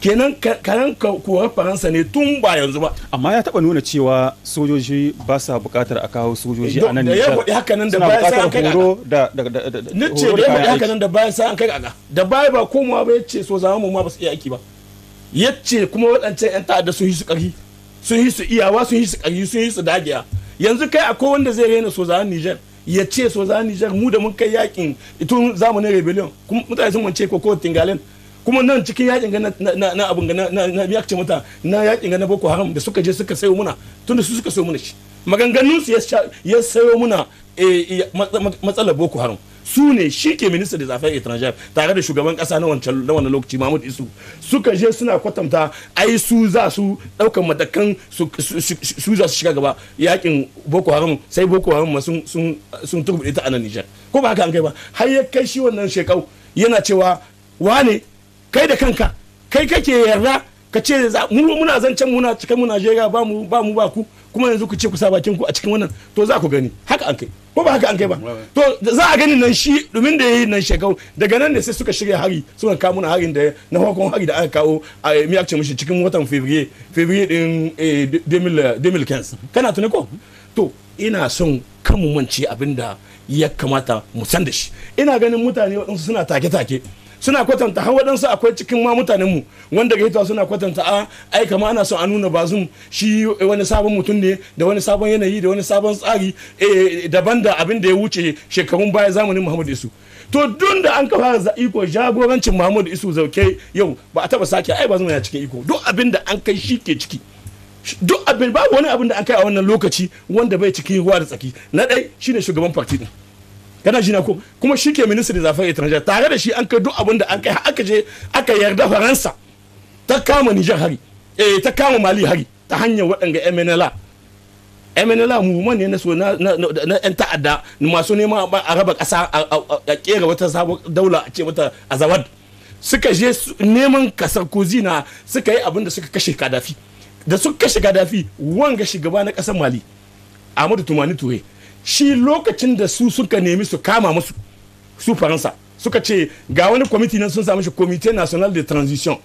kenan karan korar faransa ne tun ba yanzu ba amma ya taba nuna cewa sojoji ba sa bukatar a kawo sojoji a eh, nan nishar ya faɗi haka nan da horo da da da da da ya da da ba komawa ba so zama mu ma ba su iya aiki ba ce kuma waɗancan yan ta'adda su yi su ƙarfi sun yi su iyawa sun yi su ƙari sun yi su dagiya yanzu kai akwai wanda zai raina sojan Niger ya ce sojan Niger mu da mun kai yakin tun zamanin rebellion kuma mutane sun wance ko ko Tingalen kuma nan cikin yakin ga na abin ga na biya ce mata na yakin ga na boko haram da suka je suka sayo muna tunda su suka sayo muna shi maganganun su ya sayo muna eh, matsalar boko haram su ne shi ke minista da zafin etranger tare da shugaban kasa na wani lokaci mahmud isu suka je suna kwatanta ai su za su daukan matakan su za su shiga gaba yakin boko haram sai boko haram ma sun turbuɗe ta a nan nijar ko ba haka an kai ba har ya kai shi wannan shekau yana cewa wane kai da kanka kai kake yarda ka ce muna zancen muna cikin muna jega ba mu ba mu ba ku kuma yanzu ku ce ku sa bakin ku a cikin wannan to za ku gani haka an kai ko ba haka an kai ba to za a gani nan shi domin da yayi nan shekau daga nan ne sai suka shirya hari suka kawo muna harin da na farkon hari da aka kawo a mi ce mishi cikin watan February February din 2015 eh, kana tuni ko to ina son kan mu mance abinda ya kamata mu san da shi ina ganin mutane waɗansu suna take-take suna kwatanta har waɗansu akwai cikin ma mutanen mu wanda ga suna kwatanta a ah, ai kama ana son a nuna bazum shi eh, wani sabon mutum ne da wani sabon yanayi da wani sabon tsari eh, daban da abin da ya wuce shekarun baya zamanin Muhammadu Isu to dun da an kafa iko jagorancin Muhammadu Isu zauke yau ba a taba sake ai bazum ya cikin iko duk abin da an kai shi ke ciki duk abin babu wani abin da an kai a wannan lokaci wanda bai cikin ruwa da tsaki na ɗai shine shugaban party din kana shi na ko kuma shi ke ministry da zafin étranger tare da shi an kai duk abin da an kai aka je aka yarda faransa ta kama nijar hari eh ta kama mali hari ta hanyar waɗanga mnla mnla mu ne na so na yan ta'adda masu neman a raba ƙasa a kera wata sabon daula a ce wata azawad suka je neman kasar kozina suka yi abin da suka kashe kadafi da suka kashe kadafi wanga shugaba na ƙasar mali amadu tumani ture shi lokacin da su suka nemi su kama musu su faransa suka ce ga wani kwamiti nan sun samu shi comité national de transition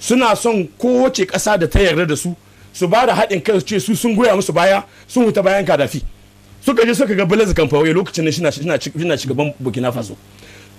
suna son kowace ƙasa da ta yarda da su su ba da haɗin kai su ce su sun goya musu baya sun huta bayan kadafi suka je suka ga blaise kamfawai lokacin da shina shugaban burkina faso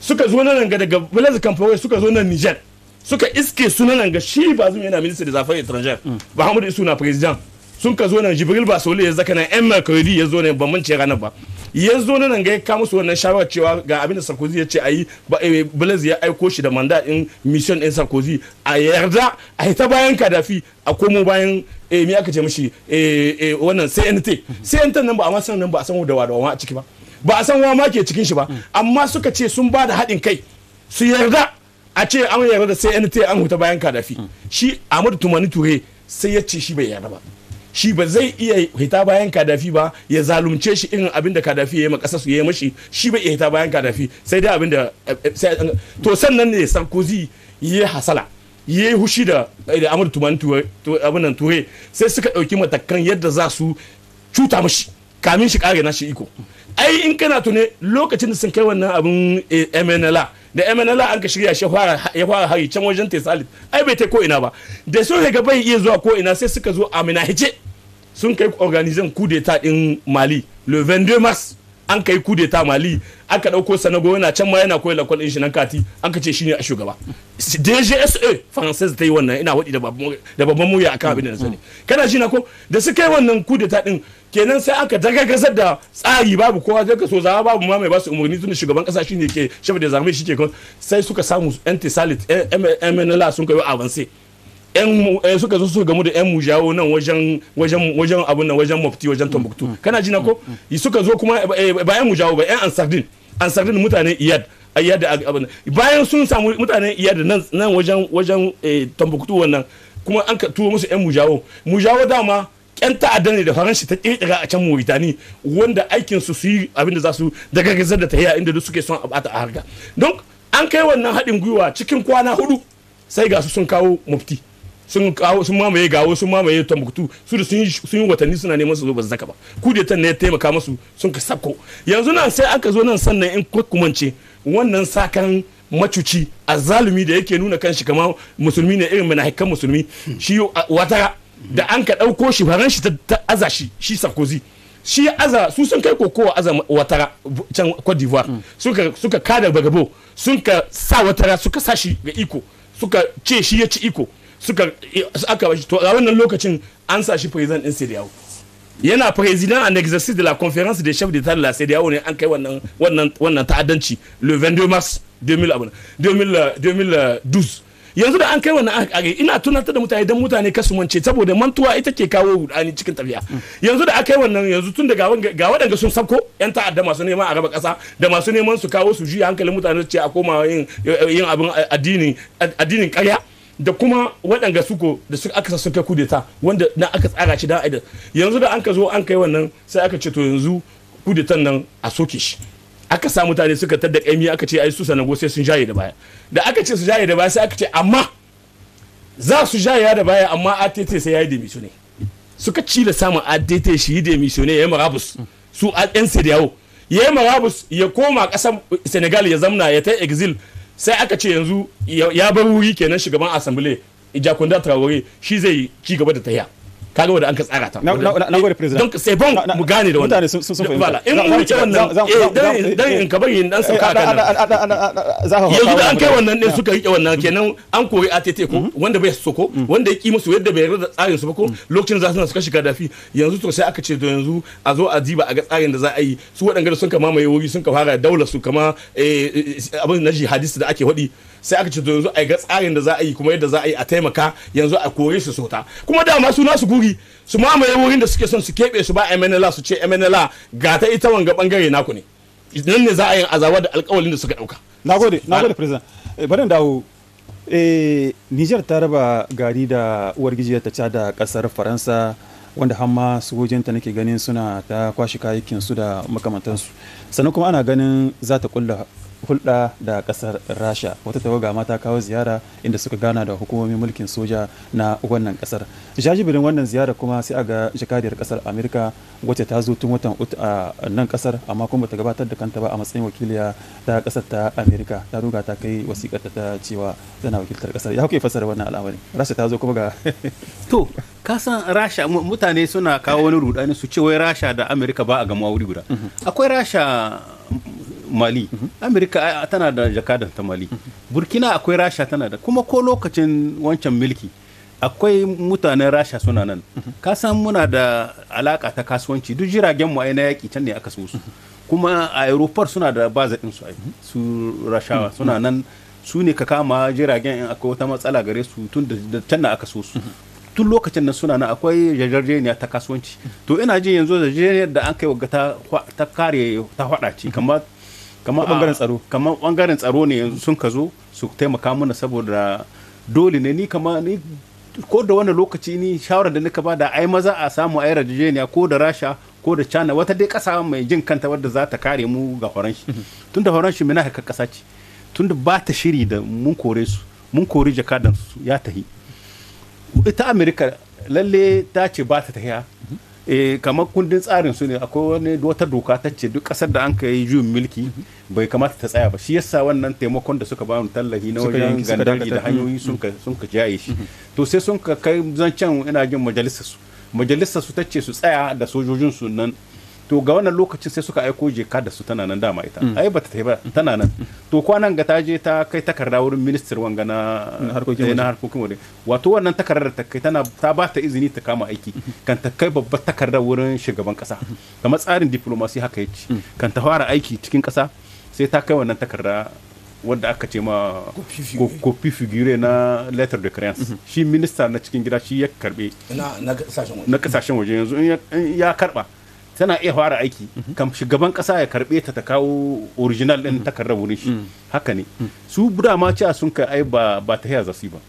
suka zo nan ga daga blaise kamfawai suka zo nan niger suka iske sunan ga shi bazum yana minister da zafin étrangère mm. ba hamadu isu na president sun ka zo nan jibril ba soli ya zaka nan yan makaridi ya zo nan mun ce ranar ba ya zo nan ga ya kama su wannan shawarar cewa ga abin da sarkozy ya ce a yi eh, blaze ya aiko shi da manda in mission din sarkozy a yarda a yi ta bayan kadafi a komo bayan eh mi aka ce mishi eh, eh wannan cnt cnt nan ba a ma san nan ba a san da wa a ciki ba ba a san wa ma ke cikin shi ba amma suka ce sun ba da haɗin kai su yarda a ce an yarda da cnt an huta bayan kadafi shi amadu tumani ture sai ya ce shi bai yarda ba shi ba zai iya hita bayan kadafi ba ya zalunce shi irin abin da kadafi ya yi makasa su ya mashi shi bai iya hita bayan kadafi sai dai abin da eh, eh, eh, to sannan ne sarkozy ya hasala ya yi hushi da amur tuman nan ture sai suka ɗauki matakan yadda za su cuta mashi kamin shi kare nashi iko ai in kana tune lokacin da sun kai wannan abin eh, mnla da mnla an ka shirya shi ya fara hari can wajen tesalit ai bai ta ko ina ba da sun ga bai iya zuwa ko ina sai suka zo amina hice sun kai organizan kudeta din mali le 22 mars an kai kudeta mali aka dauko sanago yana can ma yana koyi lakwal din shi nan kati an ka ce shine a shugaba DGSE française ta yi wannan ina wadi da babban muya akan abin da na sani mm. kana shi na ko da suka yi wannan kudeta din kenan sai aka daga kasar da tsari babu kowa zai kaso zama babu ma mai basu umarni tun shugaban kasa shine ke shafi da zamai shi ke kan sai suka samu yan tesalit eh, mnla sun kai avance yan eh, suka zo su gamu da yan mujawo nan wajen wajen wajen abun nan wajen mufti wajen tambuktu kana ji na ko suka zo kuma eh, ba yan mujawo ba yan ansardin ansardin mutanen iyad iyad abun bayan sun samu mutanen iyad nan nan wajen wajen tombuktu wannan kuma an ka tuwo musu yan mujawo mujawo dama yan ta'adda ne da faransa ta kirkira a can mauritani wanda aikin su su yi abin da za su daga gazar da ta yi inda duk suke son a bata a harga. don an kai wannan haɗin gwiwa cikin kwana hudu sai ga su sun kawo mufti sun kawo sun mamaye gawo sun mamaye tambuktu su da sun yi watanni suna neman su zo ba zaka ba kudetan ne ya taimaka musu sun ka sabko yanzu nan sai aka zo nan sannan in kumance wannan sakan macuci a zalumi da yake nuna kanshi kama musulmi ne irin mana haikan musulmi shi watara da an ka ɗauko shi faran shi ta aza shi shi sarkozy shi aza su sun kai kokowa aza watara can cote d'ivoire mm. suka suka kada bagabo sun ka sa watara suka sa shi ga iko suka ce shi ya ci iko suka eh, aka to a wannan lokacin an sa shi president din CDAO yana president en exercice de la conférence des chefs d'état de la CDAO ne an kai wannan ta'addanci le 22 mars 2012 yanzu da an kai wannan aka kage ina tunatar da mutane don mutane kasu mance saboda mantuwa ita ke kawo hudani cikin tafiya yanzu da aka yi wannan yanzu tun da ga waɗanda sun sabko yan ta'adda masu neman a raba kasa da masu neman su kawo su juya hankalin mutane ce a koma yin yin abin addinin ƙarya da kuma waɗanda suko da suka aka sun kai kudeta wanda na aka tsara shi dan yanzu da an ka zo an kai wannan sai aka ce to yanzu kudetan nan a soke shi aka sa mutane suka tadda ƙaimi aka ce ai su sanago sai sun jaye da baya da aka ce su jaye da baya sai aka ce amma za su jaya da baya amma att sai ya yi demiso ne suka ci da samun att shi yi demiso ne ya yi marabus su sai da ya yi marabus ya koma ƙasar senegal ya zamna ya ta exil sai aka ce yanzu ya bar wuri kenan shugaban asambile ijakunda traore shi zai ci gaba da tahiya kaga wadda an ka tsara ta na gode president donc c'est bon mu gane da wannan mutane sun fahimta voilà in mun ce wannan eh, dan in eh, ka bari dan sauka ka yanzu da an kai wannan din suka rike wannan mm-hmm. kenan an kori ATT ko mm-hmm. wanda bai so ko mm-hmm. wanda ya ki musu yadda bai yarda da tsarin su ba ko lokacin za su suka shiga dafi yanzu to sai aka ce to yanzu a zo a diba a ga tsarin da za a yi su waɗanda sun ka mamaye wuri sun ka fara daular su kama eh, abin na jihadist da ake waɗi sai aka ce to yanzu a ga tsarin da za a yi kuma yadda za a yi a taimaka yanzu a kore su sota kuma dama su nasu guri su mamaye wurin da suke son su keɓe su ba MNLA su ce MNLA ga ta ita wanga bangare naku ne nan ne za a yi azawa da alkawalin da suka dauka nagode nagode president eh, bari dawo eh, Niger ta raba gari da uwar ta ca da kasar Faransa wanda hamma sojojinta nake ganin suna ta kwashe kayayyakin su da makamantansu sannan kuma ana ganin za ta kulla hulɗa da ƙasar rasha wata tawaga mata kawo ziyara inda suka gana da hukumomin mulkin soja na wannan ƙasar jajibirin wannan ziyara kuma sai a ga jakadiyar ƙasar amerika wacce ta zo tun watan a nan ƙasar amma kuma ta gabatar da kanta ba a matsayin wakiliya ta ƙasar ta amerika ta ruga ta kai wasiƙar ta cewa tana wakiltar ƙasar ya kuke fassara wannan al'amari rasha ta zo kuma ga to ka san rasha mutane suna kawo wani rudani su ce wai rasha da amerika ba a gamuwa wuri guda mhm. akwai rasha mali amerika tana da jakadan ta mali burkina akwai rasha tana da kuma ko lokacin wancan milki akwai mutanen rasha suna nan ka san muna da alaka ta kasuwanci duk jiragen mu na yaki can ne aka so su kuma a europar suna da bazaɗin su su rashawa suna nan su ne ka kama jiragen in akwai wata matsala gare su tun da can na aka so su tun lokacin nan suna nan akwai yarjejeniya ta kasuwanci to ina jin yanzu da da an kai wa ta kare ta faɗa ce kamar kamar bangaren tsaro kamar bangaren tsaro ne yanzu sun ka zo su taimaka mana saboda dole ne ni kamar ni ko da wani lokaci ni shawarar da nika bada ai maza a samu ai rajajeniya ko da rasha ko da china wata dai kasa mai jin kanta wadda za ta kare mu ga horon mhm. tun da horon mina haka kasa ce tun da ba ta shiri da mun kore su mun kori jakadan su ya tahi ita america lalle ta ce ba ta tahiya eh kamar kundin tsarin su ne akwai wani wata doka ta ce duk kasar da an ka yi juyin mulki bai kamata ta tsaya ba shi yasa wannan taimakon da suka ba tallafi na wajen gandari da hanyoyi sun ka sun jaye shi mm-hmm. to sai sun ka kai zancen ina jin majalisar su majalisar su ta ce su tsaya da sojojin su nan to ga wannan lokacin sai suka aiko jeka da su tana nan dama ita mm. ai bata ta ba tana nan to kwanan ga ta je ta kai takarda wurin minister wanga na eh, harkokin waje wato wannan takarda ta kai tana ta ba ta izini ta kama aiki mm-hmm. kan ta kai babbar takarda wurin shugaban kasa mm-hmm. kamar tsarin diplomasi haka yake mm. kan ta fara aiki cikin kasa sai ta kai wannan takarda wanda aka ce ma kofi figure na letter de créance mm-hmm. shi minista na cikin gida shi ya karbe na kasashen waje yanzu ya karba tana iya fara aiki kan shugaban kasa ya karbe ta ta kawo original din takardar wurin shi haka ne su buda ma cewa sun kai ai ba ba ta haya zasi ba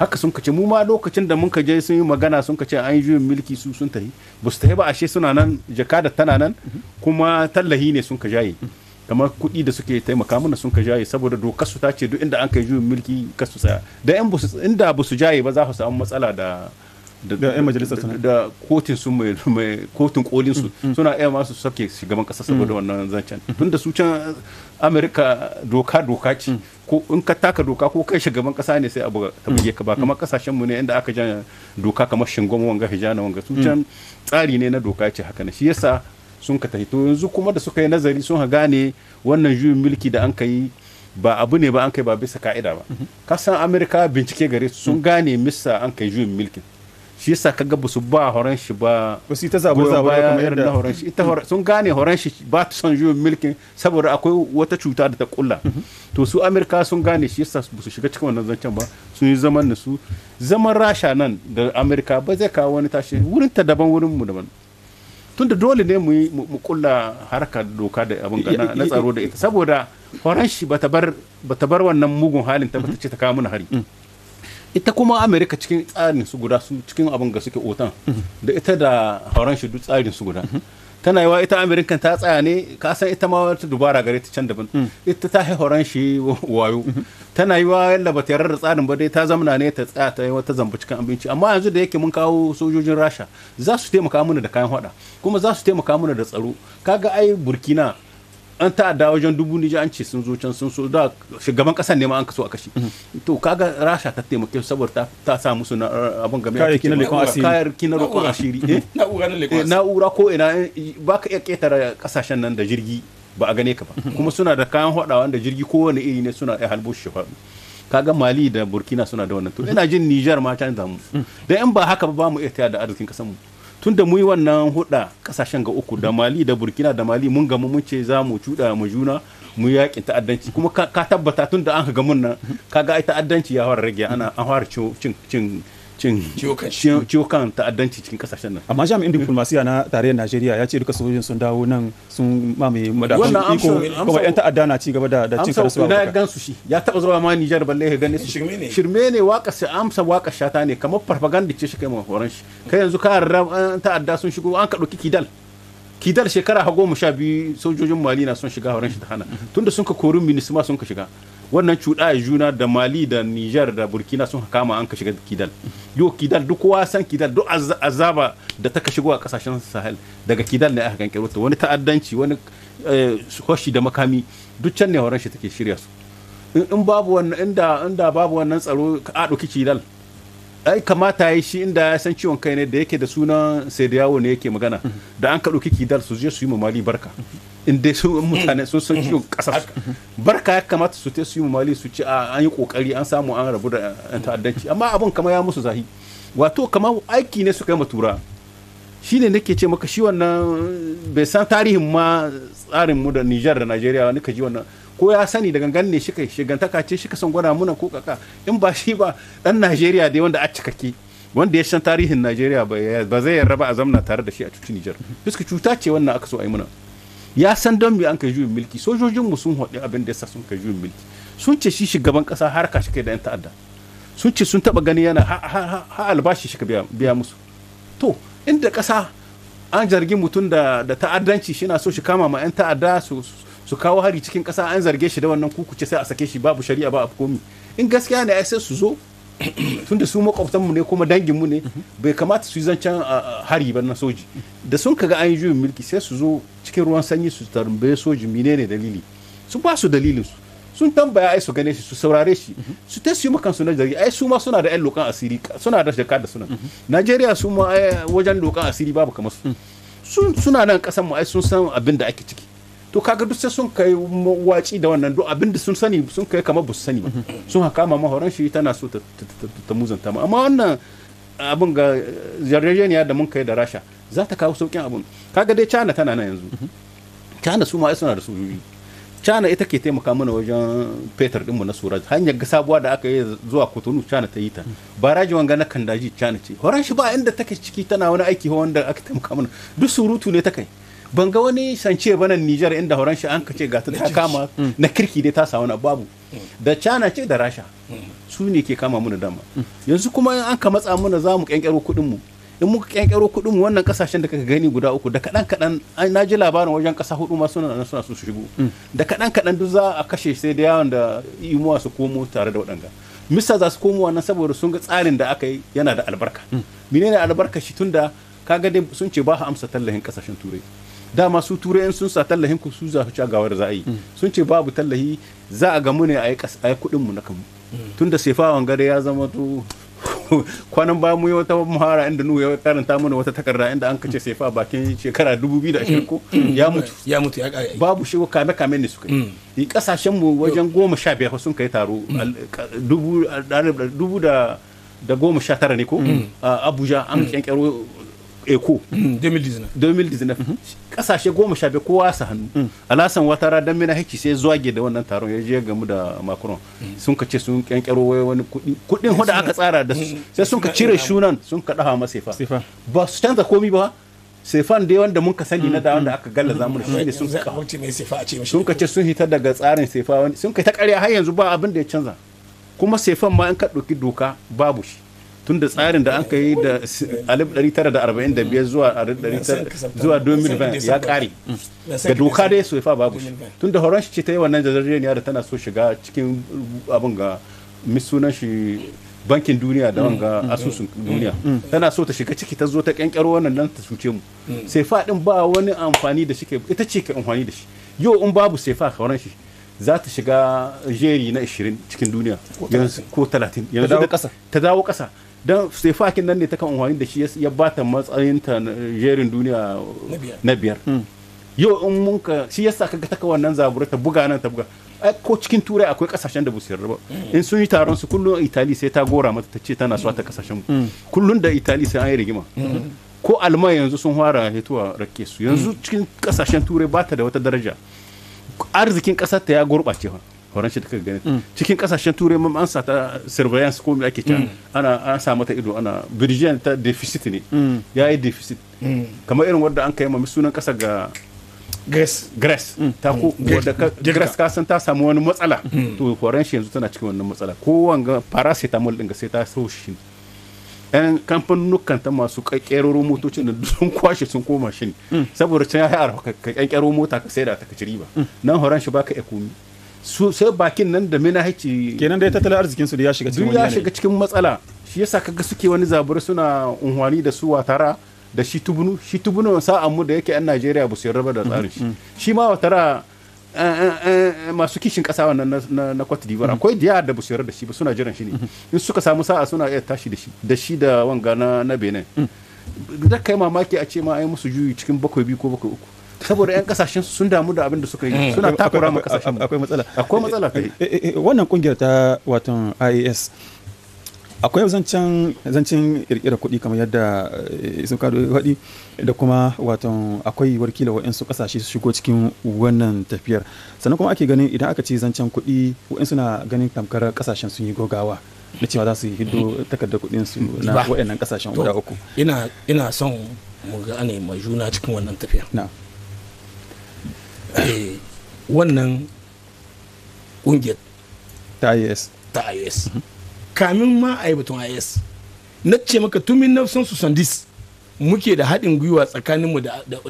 haka sun kace mu ma lokacin da mun ka je sun yi magana sun kace an yi juyin mulki su sun tahi ba su tahi ba ashe suna nan jakada tana nan kuma tallahi ne sun ka jaye kamar kuɗi da suke taimaka mana sun ka jaye saboda dokar su ta ce duk inda an kai juyin mulki kasu tsaya da yan inda ba su jaye ba za su samu matsala da da yan majalisar sana da kotun su mai kotun kolin su mm. suna iya masu sake shugaban kasa saboda mm. wannan zancen mm. tunda su can amerika doka doka ce ko in ka taka doka ko kai shugaban kasa ne sai abu ta buge ka ba kamar kasashen mu ne inda aka jan doka kamar shingon wanga hijana wanga su can tsari ne na doka ce haka ne shi yasa sun ka tafi to yanzu kuma da suka yi nazari sun ha gane wannan juyin mulki da an ka yi ba abu ne ba an kai ba bisa ka'ida ba mm-hmm. kasan amerika bincike gare sun gane misa an kai juyin mulkin shi yasa ka ga su ba horon shi ba ba su ta zaɓa zaɓe kamar yadda horon shi ita sun gane horon shi ba ta son juyin milkin saboda akwai wata cuta da ta kulla mhm. to su amurka sun gane shi yasa ba su shiga cikin wannan zancen ba sun yi zaman da su zaman rasha nan da amurka ba zai kawo wani tashi wurin ta daban wurin mu daban da dole ne mu kulla harkar doka da abin gana na tsaro da ita saboda horon shi ba ta bar wannan mugun halin ta ce ta kawo mana hari mm. ita kuma amerika cikin tsarin su guda su cikin abin ga suke otan da ita da hauran shi tsarin su guda tana yi wa ita amerikan ta tsaya ne ka san ita ma wata dubara gare ta can daban ita ta yi hauran shi wayo tana wa yalla ba ta da tsarin ba dai ta zamana ne ta tsaya ta wata zamba cikin abinci amma yanzu da yake mun kawo sojojin rasha za su taimaka mana da kayan hada kuma za su taimaka mana da tsaro kaga ai burkina an ta da wajen dubu nija an ce sun zo can sun so da shugaban kasar ne ma an kaso a kashi mm-hmm. to kaga rasha ta taimake su saboda ta sa musu na eh, abin game da kina lekon asiri kayar kina lekon asiri na'ura na ura ko ina eh, ba ka iya ketara kasashen nan da jirgi ba a gane ka ba mm-hmm. kuma suna da kayan hadawa da jirgi kowane iri ne suna iya halbo shi kaga mali da burkina suna da wannan to ina jin niger ma ta zamu mm. da in ba haka ba mu iya tayar da arzikin kasar mu tunda da muyi wannan huda kasashen ga uku da mali da burkina da mali mun gamu mun ce za mu cuɗa mu juna mu yakin ta'addanci kuma ka tabbata tun da an ga mun nan kaga ai ta'addanci ya fara rage ana an fara cin cin ciwo ta'addanci cikin kasashen nan amma jami'in diplomasiya na tarayyar Najeriya ya ce duka sojojin sun dawo nan sun mamaye madafin iko kuma yan ta'adda na ci gaba da da cin karasu na gan su shi ya taba zuwa ma Niger balle ya gane su shirme ne shirme ne waka sai amsa waka shata ne kamar farfaganda ce shi kai mu horon shi kai yanzu ka ran ta'adda sun shigo an ka dauki kidal kidal shekara ha goma sha biyu sojojin mali na son shiga horon shi ta hana tunda sun ka kori minisma sun ka shiga wannan cuɗaya juna da mali da niger da burkina sun kama an ka shiga kidal yau kidal duk kowa san kidal duk azaba da ta ka shigo a kasashen sahel daga kidal ne aka kankiro ta wani ta'addanci wani eh, hoshi da makami duk can ne horon shi take shirya su in babu wannan inda inda babu wannan tsaro a ɗauki kidal ai kamata ya shi inda ya san ciwon kai ne da yake da sunan sai da yawo ne yake magana da an ka ɗauki kidal su je su yi mali barka in dai su mutane sun san mm-hmm. ciwon kasar mm-hmm. barka ya kamata su te su yi mali su ci an yi kokari an samu an rabu da eh, ta'addanci amma abin kama ya musu zahi wato kama aiki ne su kai matura shi ne nake ce maka shi wannan bai san tarihin ma tsarin mu da Nijar da Najeriya nika ji wannan ko ya sani da gangan ne shi kai shigantaka ce shi ka san gwada muna ko kaka in ba shi ba dan Najeriya dai wanda a ke wanda ya san tarihin Najeriya ba zai yarraba a zamna tare da shi a cuci Nijar fiska cuta ce wannan aka so a yi muna ya san don me an ka juyin mulki sojojin mu sun haɗu abin da yasa sun ka juyin mulki sun ce shi shugaban kasa har ka shike da yan ta'adda sun ce sun taba gani yana ha albashi shi ka biya musu to inda kasa an zargi mutum da ta'addanci shi na so shi kama ma yan ta'adda su su kawo hari cikin kasa an zarge shi da wannan kukuce sai a sake shi babu shari'a ba a komi in gaskiya ne ai sai su zo tunda su makwabtanmu ne kuma mu ne bai kamata su yi zancen hari ba na soji da sun kaga an yi juyin mulki sai su zo cikin ruwan sanyi su tambaye soji ne dalili su ba su dalilin su sun tambaya ai su gane shi su saurare shi su ta su makan su na jari ai su ma suna da yan lokan asiri suna da shakka da suna Najeriya su ma wajen lokan asiri babu kamar su suna nan kasan mu ai sun san abin da ake ciki to kaga duk sai sun kai waci da wannan duk abinda sun sani sun kai kamar bus sani ba sun haka ma mahoran shi tana so ta muzanta mu amma wannan abin ga yarjejeniya da mun kai da rasha za ta kawo sauƙin abin kaga dai china tana nan yanzu china su ma suna da sojoji china ita ke taimaka mana wajen din dinmu na suraj hanyar ga sabuwa da aka yi zuwa kotonu china ta yi ta baraji wanga na kandaji china ce horan shi ba inda take ciki tana wani aiki wanda aka taimaka mana duk surutu ne ta kai ban ga wani sance ba nan Nijar inda horon shi an kace gata ta kama mm. na kirki dai ta samu na babu mm. da China ce da Rasha mm. su ne ke kama muna dama yanzu kuma in an ka matsa muna za mu kyankyaro kuɗin mu in muka kyankyaro kuɗin mu wannan kasashen da kaka gani guda uku da kaɗan kaɗan na ji labarin wajen ƙasa hudu ma suna nan suna su shigo da kaɗan kaɗan duk za a kashe sai da yawan da imuwa su komo tare da waɗanda mista za su komo wannan saboda sun ga tsarin da aka yi yana da albarka menene albarka shi tunda kaga dai sun ce ba amsa tallafin kasashen turai dama su turai sun sa tallahin ku su zafi su gawar za a yi hmm. sun ce babu tallahi za a gamu ne a yi kudin mu na kanmu hmm. tun da sefa wangare ya zama to kwanan ba mu yi wata muhara inda nuhu ya karanta mana wata takarda inda an kace sefa bakin shekara 2020 ko hmm. ya mutu ya mutu ya kare babu shi kame kame ne suka yi kasashen mu wajen goma sha biyar sun kai taro dubu da goma sha tara ne ko abuja an kyankyaro eco 2019 hmm, mhm. kasashe goma sha biyu kowa su hannu hmm. alasan wata ra dan mina haki sai zuwage da wannan taron ya je gamu da macron hmm. sun ka ce sun kyankyaro wani kudin hudu aka tsara da su sai sun ka cire shunan sun ka dafa masa sefa ba su canza komi ba sefan dai wanda mun ka sani na da wanda aka galla zamu da shi ne sun ka sun ka ce sun hita daga tsarin sefa wani sun ka ta karya har yanzu ba abin da ya canza kuma sefan ma in ka doki doka babu shi tun da tsarin da aka yi da 1945 zuwa 2020 ya kare ga doka dai so fa babu tun da horon shi ce ta yi wannan jazarreniya da tana so shiga cikin abin ga misunan shi bankin duniya da wanga asusun duniya tana so ta shiga ciki ta zo ta kyankyaro wannan nan ta cuce mu sai fa din ba wani amfani da shi ita ce ka amfani da shi yau in babu sai fa horon shi za ta shiga jeri na 20 cikin duniya yanzu ko 30 yanzu ta dawo kasa don sai nan ne ta kan amfani da shi ya ba ta matsayin ta jerin duniya na biyar hmm. yau in mun ka shi yasa kaga ta wannan zabura ta buga nan ta buga ko cikin turai akwai kasashen da ba ba hmm. in sun yi taron su kullum itali sai ta gora mata ta ce tana so ta kasashen mu hmm. kullum da itali sai an yi rigima ko alma yanzu sun fara hituwa rake su yanzu cikin kasashen turai ba ta da wata daraja arzikin ƙasar ta ya gurɓace horon shi da gani mm. cikin kasashen turai mun an ta surveillance ko mai ake mm. ana an sa mata ido ana virgin ta deficit ne mm. ya yi deficit kamar irin wadda an kai ma sunan kasa ga Grace. ta Ta ko Grace ka san ta samu wani matsala. To horon shi yanzu tana cikin wannan matsala. Ko wanga paracetamol din ga sai ta so shi. yan kamfanunukan ta masu kakkero motocin da sun kwashe sun koma shi ne mm. saboda can ya arha ka kakkero mota ka sai da ta kaci riba mm. nan horon shi baka komi. su sai bakin nan da mina haici kenan dai tattalin arzikin su da ya shiga cikin wani ya shiga cikin matsala shi yasa kaga suke wani zaburi suna unhwani da su watara da shi tubunu shi tubunu sa'an mu da yake yan Najeriya ba su yarda da tsarin shi mm, shi ma watara Eh, eh, eh, masu kishin kasa wannan na Cote d'Ivoire mm-hmm. akwai diya da bu sayar da shi ba suna jiran shi ne mm-hmm. in suka samu sa'a suna iya tashi da shi da shi da wanga na Benin mm. da kai mamaki a ce ma ai musu juyi cikin bakwai biyu ko bakwai uku saboda 'yan kasashen sun damu da abin da suka yi mm. suna takura ma kasashen akwai matsala akwai matsala kai wannan kungiyar ta watan IAS akwai zancen zancen kirkira kuɗi kamar yadda eh, sun kado faɗi da kuma waton akwai warkila kila wa'insu ƙasashe su shigo cikin wannan tafiyar sannan kuma ake ganin idan aka ce zancen kuɗi wa'insu na ganin tamkar ƙasashen sun yi gogawa da cewa za su yi hiddo takardar kuɗin su na wa'annan ƙasashen guda uku ina ina son mu gane mai juna cikin wannan tafiyar. na eh, wannan ƙungiyar ta IAS ta IAS mhm. kamin ma a yi batun is na ce maka tun 1970 muke da haɗin gwiwa tsakaninmu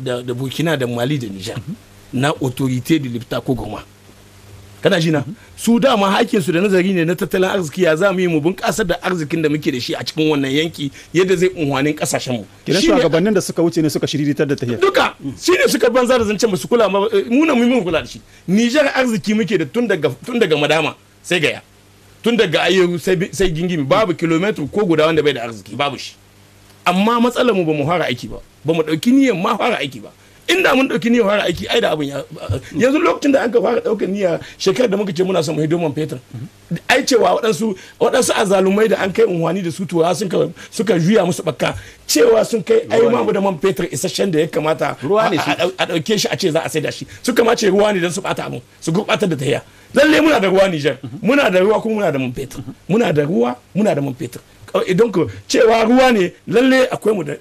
da burkina da mali da nijar na autorite da lifta ko goma kana jina su dama hakinsu da nazari ne na tattalin arziki ya za mu yi mu bunƙasar da arzikin da muke da shi a cikin wannan yanki yadda zai unhwanin kasashen mu kina shugabannin da suka wuce ne suka shiriritar da tahiyar duka shi ne suka banza da zancen su kula eh, mu na mu kula da shi Nijar arziki muke da tun daga madama sai gaya tun daga ayyaru sai gingimi babu kilometer ko guda wanda bai da arziki babu shi amma matsalar mu ba mu fara aiki ba ba mu dauki niyyar ma fara aiki ba inda mun dauki niyyar fara aiki ai da abin yanzu lokacin da an ka fara daukar niyya shekarar da muka ce muna son hidiman fetur ai cewa waɗansu waɗansu azalumai da an kai unhwani da su tuwa sun suka juya musu bakka cewa sun kai ai mamu da man fetur isasshen da ya kamata a dauke shi a ce za a saida shi suka ma ce ruwa ne don su bata abu su gurbatar da tahiya lalle muna da ruwa Niger muna da ruwa kuma muna da man fetur muna da ruwa muna da man fetur Eh, idan cewa ruwa ne lalle akwai mu da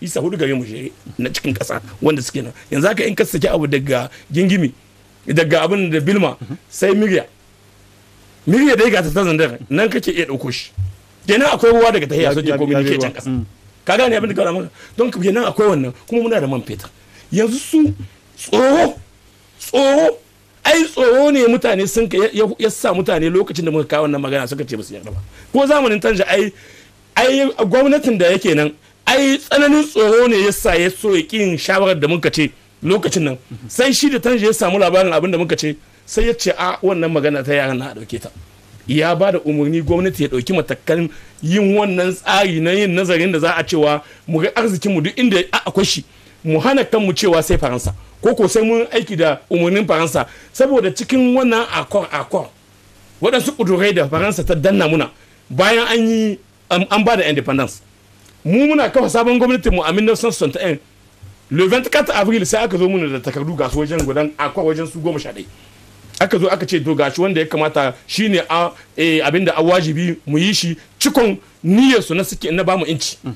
isa hudu gare mu shere na cikin kasa wanda suke nan yanzu haka in ka saki abu daga gingimi daga abin da bilma sai miriya miriya dai ga ta zandar nan kake iya dauko shi kenan akwai ruwa daga tahiya soke ko mini ke can kasa ka gane abin da ka maka don kenan akwai wannan kuma muna da man fetur yanzu su tsoro tsoro ai tsoro ne mutane sun ya sa mutane lokacin da muka kawo wannan magana suka ce ba su yarda ba ko zamanin tanja ai ai gwamnatin da yake nan ai tsananin tsoro ne ya sa ya so ya yin shawarar da muka ce lokacin nan sai shi da tanji ya samu labarin abin da muka ce sai ya ce a wannan magana ta yaran na dauke ta ya ba da umarni gwamnati ya dauki matakan yin wannan tsari na yin nazarin da za a cewa mu ga arzikin mu duk inda akwai shi mu hana kanmu cewa sai faransa ko ko sai mun aiki da umarnin faransa saboda cikin wannan akor akor waɗansu ƙudurai da faransa ta danna muna bayan an yi an ba da independence mu muna kafa sabon gwamnatin mu a 1961 le 24 avril sai aka zo muna da takardu ga su wajen gudan akwa wajen su goma sha ɗaya aka zo aka ce to gashi wanda ya kamata shine a eh, abin da a wajibi mu yi shi cikon niyyar su na suke na bamu inci mm.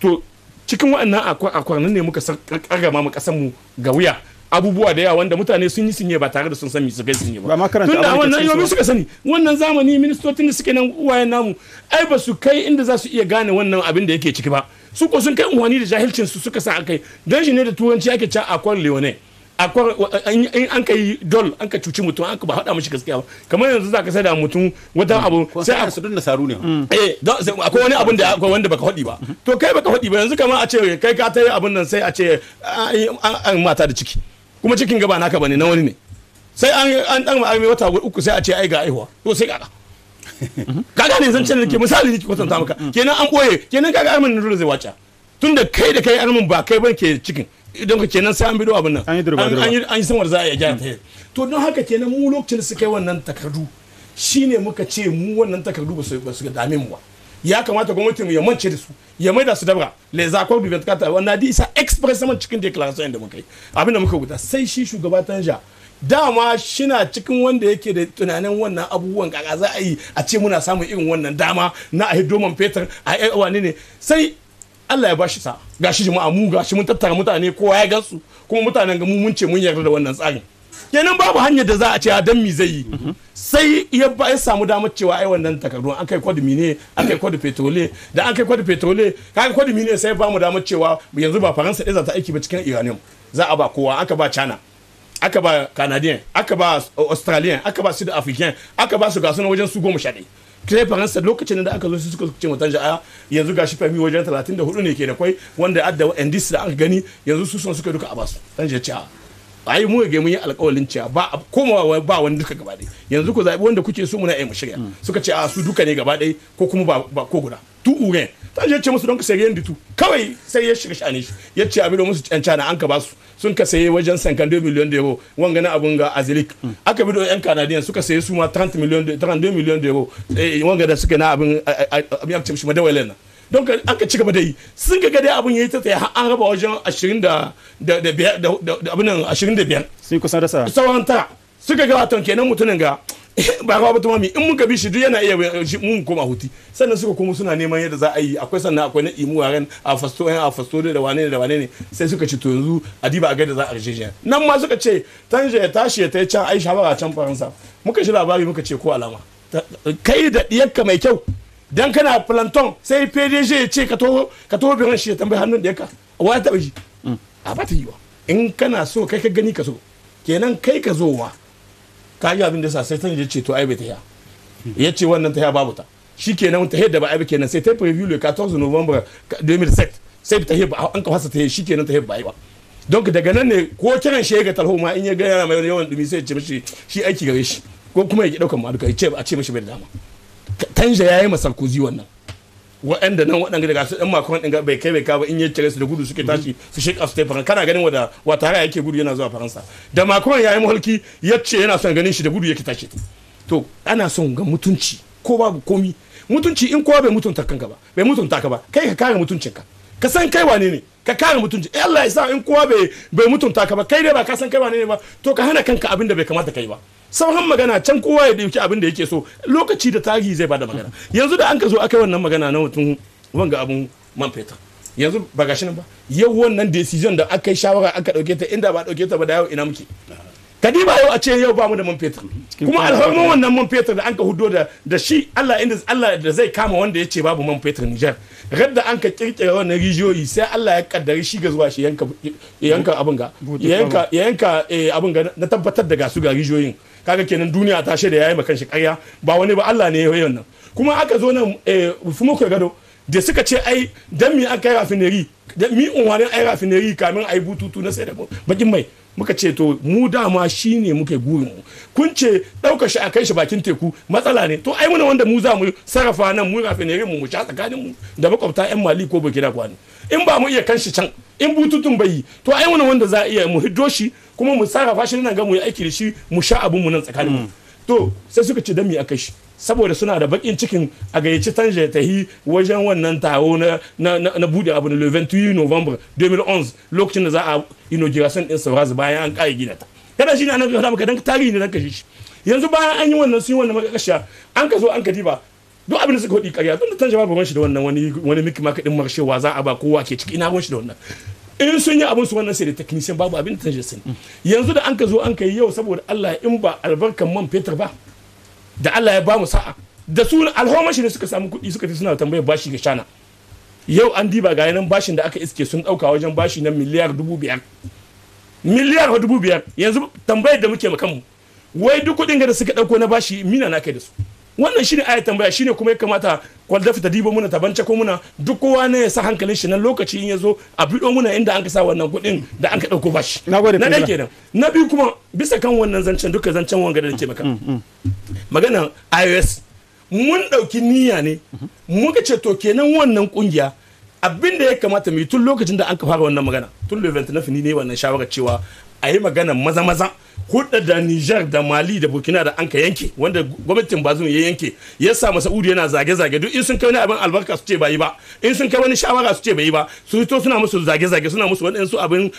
to cikin waɗannan nan ne muka karrama mu kasan mu ga wuya abubuwa da yawa wanda mutane sun yi sinye ba tare da sun san me suka sinye ba tun da wannan yomi suka sani wannan zamani ministocin da suke nan uwayen namu ai ba su kai inda za su iya gane wannan abin da yake ciki ba su ko sun kai unwani da jahilcin su suka sa kai don shi ne da turanci ake a akwai leone akwai in an kai dol an ka cuci mutum an ka ba haɗa mashi gaskiya ba kamar yanzu ka sai da mutum wata abu sai a sudun nasaru ne mm. eh, akwai wani abun da akwai wanda baka haɗi ba to kai baka haɗi ba yanzu kamar a ce kai ka ta yi abun nan sai a ce an mata da ciki kuma cikin gaba naka bane na wani ne sai an dan ma'ami wata uku sai a ce ai ga aihuwa to sai kaka ka gane zan ce ke misali ne ki kwatanta maka mm-hmm. kenan an boye kenan kaga armin dole zai wace tunda kai da kai armin ba kai bane ke cikin idan ka kenan sai an bido abin nan an yi samar za a yi jaya ta mm-hmm. to don haka kenan mu lokacin da suka yi wannan takardu shine muka ce mu wannan takardu ba su dame mu ba ya kamata gwamnati mu ya mance da su ya da su dabra les accords du 24 wanda di isa expressement cikin declaration da muka yi abinda muka guda sai shi shugaba tanja dama shina cikin wanda yake da tunanin wannan abubuwan kaka za a yi a ce muna samun irin wannan dama na a hidoman fetur a yi wani ne sai Allah ya bashi sa gashi jama'a mu gashi mun tattara mutane kowa ya gansu kuma mutanen ga mu mun ce mun yarda da wannan tsarin kenan babu hanyar da za a ce a ah, dan mi zai yi sai ya samu damar cewa ai wannan takardu an kai kwadumi ne an kai kwadu petrole da an kai kwadu petrole kai kwadumi ne sai ba mu damar cewa yanzu ba faransa ɗaya za ta aiki ba cikin iranium za a ba kowa aka ba china aka ba canadian aka ba australian aka ba sud african aka ba su gasu na wajen su goma sha ɗaya sai faransa lokacin da aka zo su suka ce mutan ja'a ah, yanzu gashi fami wajen 34 ne ke da kwai wanda adda ndc da aka gani yanzu su son suka duka a basu dan ja'a ai mu ga mun yi alƙawalin cewa ba komawa ba wani duka gaba ɗaya yanzu ku zaɓi wanda kuke so muna yi mu shirya suka ce a su duka ne gaba ɗaya ko kuma ba ko guda tu uren ta je ce musu don ka sayi yin tu kawai sai ya shiga shani shi ya ce abin da musu cancana an ka su sun ka sayi wajen sankan 2 miliyan da yabo wanga na abun ga azilik aka bido yan kanadiyan suka sayi su ma 30 miliyan 32 da yabo wanga da suka na abin abin ya ce mishi madawalen nan don an ka ci gaba da yi sun ga dai abin yayi ta tsaye har an raba wajen 20 da da da abin nan 25 sun kusan rasa sauran ta sun ga wato kenan mutumin ga ba ga. batuma mi in mun bi shi duk yana iya mun koma huti sannan suka komo suna neman yadda za a yi akwai sannan akwai na imu ran a fasto a fasto da wane da wane ne sai suka ci to yanzu adiba a ga da za a rishe shi nan ma suka ce tanje ya tashi ya tai can aisha ba can faransa muka shi labari muka ce ko alama kai da diyarka mai kyau dan kana planton sai pdg ya ce ka taho ka taho biran shi ya tambayi hannun da yaka wa ta ji mm. a ba ta yi wa in kana so kai ka gani ka so kenan kai ka zo wa ka yi abin da sa sai ta ce to ai bai ta ya ya ce wannan ta ya babu ta shi kenan ta da ba ai kenan sai ta preview le 14 novembre 2007 sai ta ba an ka fasa ta shi kenan ta ba ai ba don daga nan ne ko kiran shi ga talho ma in ya ga yana mai yawan dumi sai ya ce mishi shi aiki gare shi ko kuma ya ki daukan ma duka ya ce a ce mishi bai da dama tanja ya yi ma sarkozy wannan waɗanda nan waɗanda daga su ɗan makon ɗin bai kai bai ka ba in ya cire su da gudu suke mhm. tashi su shake up stay kana ganin wada wata haya yake gudu yana zuwa faransa da makon ya yi mahalki ya ce yana son ganin shi da gudu yake tashi to ana son ga mutunci ko babu komi mutunci in kowa bai mutunta kanka ba bai mutunta ka ba kai ka kare mutuncinka ka san kai wane ne ka kare mutunci eh Allah ya sa in kowa bai bai mutunta ka ba kai dai ba ka san kai wane ne ba to ka hana kanka abin da bai kamata kai ba sauran magana can kowa ya dauki abin da yake so lokaci da tarihi zai bada magana yanzu da an ka zo aka wannan magana na mutum wanga abun man fetur yanzu ba gashi nan ba yau wannan decision da aka yi shawara aka dauke ta inda ba dauke ta ba da yau ina muke kadiba yau a ce yau ba mu da man fetur kuma alhormin wannan man fetur da an ka hudo da da shi Allah inda Allah da zai kama wanda ya ce babu man fetur Niger radda an ka kirkira wannan rijiyoyi sai Allah ya kaddari shi ga zuwa shi yanka yanka abin ga yanka yanka eh, abin ga na tabbatar da ga su ga rijiyoyin kaga kenan duniya ta shaida yayi makan shi ƙarya ba wani ba Allah ne ya yi wannan kuma aka zo nan eh, fumuka gado da suka ce ai dan mi aka yi rafineri dan mi unwanin ai rafineri kamin ai bututu na sai da bakin mai muka ce to mu dama shi ne muke gurin mu kun ce ɗaukar shi a kai shi bakin teku matsala ne to ai muna wanda mu za mu sarrafa nan mu rafinerin mu mu sha tsakanin mu da makwabta yan mali ko da kwani. in ba mu iya kan shi can in bututun bai yi to ai wani wanda za a iya mu hiddo shi kuma mu sarrafa shi nan ga mu yi aiki da shi mu sha abun mu nan tsakanin mm. to sai suka ci dan mi aka shi saboda suna da bakin cikin a gayyaci tanje ta yi wajen wannan taro na na bude abu na 28 November 2011 lokacin da za a inauguration din Sauraz bayan an kai gina ta kada shi ne anan ka dan tarihi ne dan shi yanzu bayan an yi wannan sun yi wannan makakashiya an ka zo an ka diba duk abin da suka hudi karya tun da jama'a ba shi da wannan wani wani miki maka din marshewa za a ba kowa ke ciki ina shi da wannan in sun yi abin su wannan sai da technician babu abin da tan sun yanzu da an ka zo an ka yi yau saboda Allah in ba albarkan man fetur ba da Allah ya ba mu sa'a da su alhomashi ne suka samu kuɗi suka suna tambayar bashi ga shana yau an diba ga nan bashin da aka iske sun ɗauka wajen bashi na miliyar dubu biyar miliyar dubu biyar yanzu tambayar da muke mu wai duk kuɗin da suka ɗauko na bashi mina na kai da su wannan shine aya tambaya shine kuma ya kamata kwaldafi ta dibo muna tabance ko muna duk kowa ne ya sa hankalin shi nan lokaci in ya zo a bido muna inda an ka sa wannan kuɗin da an ka ɗauko bashi na ɗaya kenan na biyu kuma bisa kan wannan zancen duka zancen wanga da nake maka mm, mm, mm. magana ios mun ɗauki niyya ne mm-hmm. muka ce to kenan wannan kungiya abin da ya kamata mu yi tun lokacin da an ka fara wannan magana tun na fini ne wannan shawarar cewa a yi magana maza-maza hudda da Nijar da Mali da Burkina da anka yanke wanda gwamnatin ba ya yanke ya sa Saudi yana zage-zage duk in sun kai wani abin albarka su ce bai ba in sun kai wani shawara su ce bai ba su hito suna musu zage-zage suna musu su abin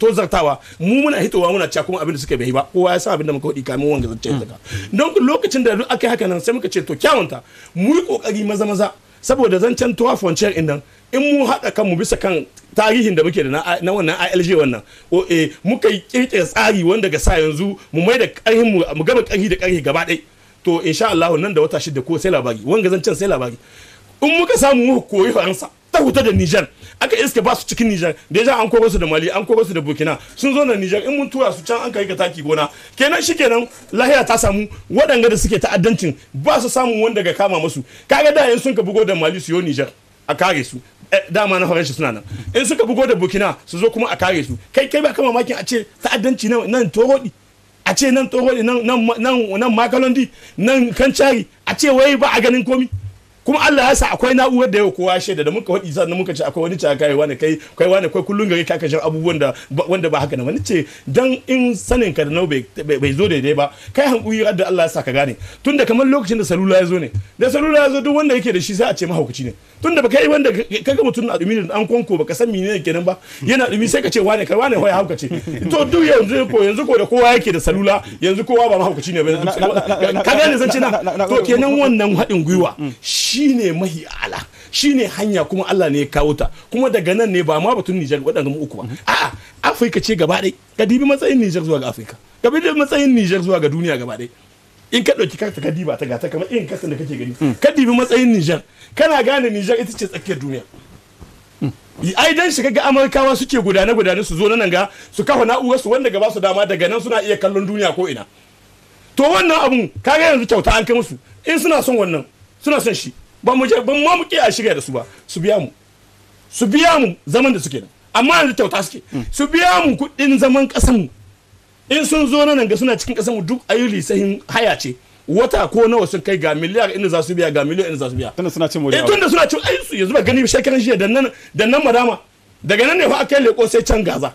tozartawa mu muna hitowa muna cewa kuma abin da suka bai ba kowa ya sa abin da muka hudi kamin wanga zance zaka mm. don lokacin da duk aka yi haka nan sai muka ce to kyawunta mu yi kokari maza-maza saboda zancen tuwa fonciyar in in mu haɗa kanmu bisa kan tarihin da muke da na wannan ILJ wannan o eh muka yi kirkira tsari wanda ga sa yanzu mu mai da ƙarhin mu mu gama ƙarhi da ƙarhi gaba ɗaya to insha Allah nan da wata shida ko sai labari wanga can sai labari in muka samu mu koyi Faransa ta huta da Niger aka iske ba su cikin Niger da ya an koro su da Mali an koro su da Burkina sun zo na Niger in mun tura su can an kai ka taki gona kenan shikenan lahiya ta samu waɗanda da suke ta'addancin ba su samun wanda ga kama musu kaga da yan sun ka bugo da Mali su yo Niger a kare su eh, dama na faransa suna nan in suka bugo da burkina su zo kuma a kare su kai kai ba kama makin a ce ta'addanci nan torodi a ce nan torodi nan makalondi nan kancari a ce wai ba a ganin komi kuma Allah ya sa akwai na'urar da yau kowa shaida da muka faɗi sannan muka ce akwai wani ci kai wani kai kai wani kai kullun gari ka kashe abubuwan da wanda ba haka na wani ce dan in sanin ka da nau bai zo daidai ba kai hankuri da Allah ya sa ka gane tunda kamar lokacin da salula ya zo ne da salula ya zo duk wanda yake da shi sai a ce mahaukaci ne tunda ba kai wanda kaga mutum na dumi da an konko ka san menene kenan ba yana dumi sai ka ce wane kai wane hoya haukaci to duk yanzu ko yanzu ko da kowa yake da salula yanzu kowa ba mahaukaci ne ba ka gane zan ce na to kenan wannan haɗin gwiwa shi shine mahi ala shine hanya kuma Allah ne ya kawo ta kuma daga nan ne ba ma batun Nijar waɗanda mu uku ba a'a Afirka ce gaba ɗaya ka dibi matsayin Nijar zuwa ga Afirka ka dibi matsayin Nijar zuwa ga duniya gaba ɗaya in ka ɗauki karta ka diba ta gata kamar irin kasan da kake gani mm. ka dibi matsayin Nijar kana gane Nijar ita ce tsakiyar duniya mm. ai dan shiga ga amurkawa suke gudane gudane su zo nan ga su kafa na'urar su wanda gaba su dama daga nan suna iya kallon duniya ko ina to wannan abun kaga yanzu kyauta an kai musu in suna son wannan suna son shi ba mu je ban ma mu kiyaye da su ba su biya mu su biya mu zaman da suke amma yanzu kyauta suke su biya mu kuɗin zaman kasan mu in sun zo nan ga suna cikin kasan mu duk ayu lisahin haya ce wata ko nawa sun kai ga miliyar inda za su biya ga miliyar inda za su biya tunda suna cin moriya eh, tunda suna cin ai su yanzu ba gani shekaran jiya da nan da nan madama daga nan ne fa aka leko sai can gaza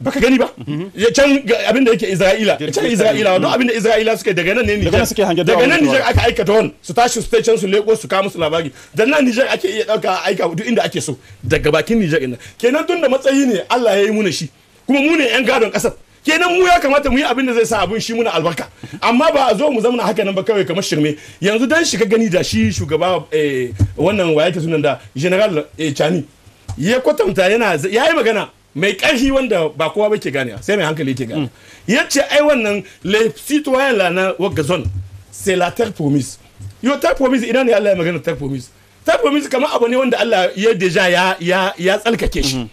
baka gani ba mhm. ya can abin da yake Isra'ila can Isra'ila mhm. don abin da Isra'ila suke daga nan ne Niger daga nan Niger aka aikata wani su tashi su can su leko su kama su labari da nan Niger ake iya dauka aika duk inda ake so daga bakin nijar ina kenan tun da matsayi ne Allah ya yi muna shi kuma mu ne yan gadon kasar kenan mu ya kamata mu yi abin da zai sa abin shi muna albarka amma ba a zo mu zamana haka nan ba kawai kamar shirme yanzu dan shiga gani da shi shugaba eh, wannan wayata sunan da general eh, chani ya kwatanta yana ya yi magana mai ƙarfi wanda ba kowa ba ke gane sai mai hankali ke gane ya ce ai wannan le citoyen la na wagazon c'est la terre promise yo terre promise idan ne Allah ya magana terre promise terre promise kamar abu ne wanda Allah ya deja ya ya ya tsalkake shi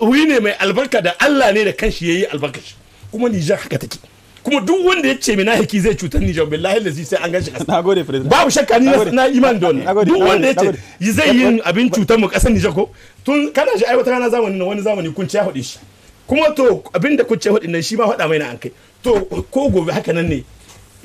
wuri ne mai albarka da Allah ne da kanshi yayi albarka shi kuma Nijar haka take kuma duk wanda ya ce mina hiki zai cutar Niger billahi lazi sai an gashi kasa nagode president babu shakka ni na iman da wannan duk wanda ya ce zai yin abin cutar mu kasar Nijar ko tun kana shi ai rana zamani na wani zamani kun ci hudi shi kuma to abinda kun ci hudin nan shi ma faɗa mai na an kai to ko gobe haka nan ne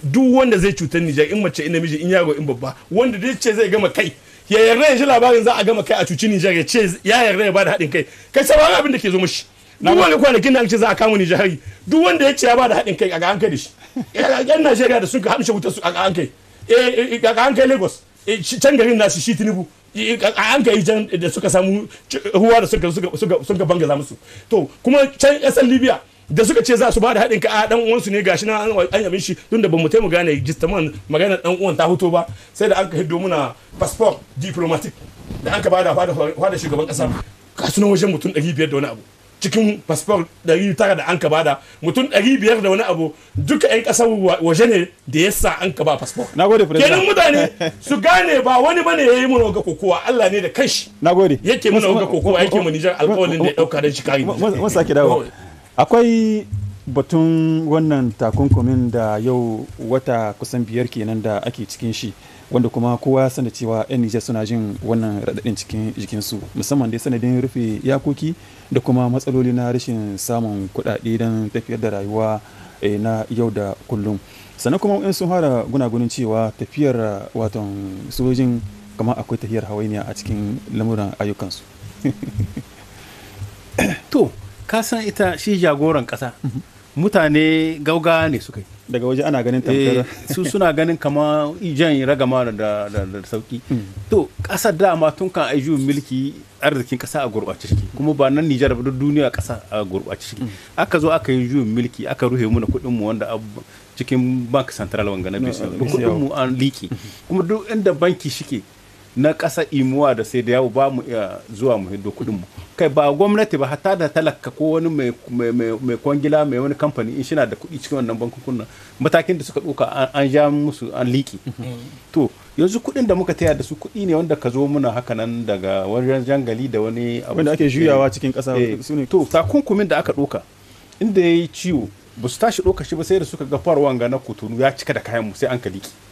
duk wanda zai cutar Nijar in mace in namiji in yaro in babba wanda duk ce zai gama kai ya yarda ya shi labarin za a gama kai a cuci Nijar ya ce ya yarda ya bada haɗin kai kai wani abin da ke zo mishi duk wani kwanakin da an ce za a kama Nijar duk wanda ya ce ya bada haɗin kai a ga an kai da shi yan Najeriya da ka hamshe wuta su a ga an kai eh, eh, ga an kai Lagos eh, can garin nasu shi Tinubu an ka yi jan da suka samu ruwa da suka bangaza musu to kuma can ƙasar libya da suka ce za su ba da haɗin ka a ɗan uwansu ne gashi na an yamin shi tun da bamu taimu gane gistaman magana ɗan uwan ta hoto ba sai da an ka hiddo muna passport diplomatic da aka ba da fada shugaban ƙasa sunan wajen mutum 500 da wani abu cikin fasfor tara da an ka bada mutum 500 da wani abu duka 'yan ƙasar waje ne da ya sa an ka ba fasfor kenan mutane su gane ba wani bane ya yi mana waga kokowa Allah ne da kanshi nagode yake mana waga kokowa yake mu Nijar alkawalin da ya dauka don shi kare mun dawo akwai batun wannan takunkumin da yau wata kusan biyar kenan da ake cikin shi wanda kuma kowa ya sanda cewa 'yan nijar suna jin wannan radadin cikin jikinsu musamman dai sanadin rufe yakoki da kuma matsaloli na rashin samun kuɗaɗe don tafiyar da rayuwa eh, na yau da kullum sannan kuma in sun fara gunagunin cewa tafiyar watan sojin kamar akwai tafiyar hawainiya a cikin lamuran ayyukansu to ka san ita shi jagoran kasa. Mhm. mutane gauga ne suka yi daga waje ana ganin tamkar eh, su suna ganin kama ijen ragama da sauki hmm. to kasar da ma tun kan aiju milki arzikin kasa a gurɓace shi kuma ba nan Nijar ba duniya kasa a gurɓace shi hmm. aka zo aka yi juyin milki aka ruhe muna kuɗin mu wanda cikin bank central wanga na bisa kuɗin mu an liki hmm. kuma duk inda banki shike na ƙasa imuwa da sai da yawo ba mu iya zuwa mu hiddo kuɗin mu kai ba gwamnati ba hatta da talaka ko wani mai kwangila mai wani kamfani in shina da kuɗi cikin wannan kunna. matakin da suka ɗauka an ja musu an liƙi mm-hmm. to yanzu kuɗin da muka taya da su kuɗi ne wanda ka zo muna haka nan daga wajen jangali da wani abu ake juyawa cikin ƙasa eh, to takunkumin da aka ɗauka inda ya yi ciwo ba su tashi ɗauka shi ba sai da suka ga farwan ga na kotunu ya cika da kayan mu sai an ka liƙi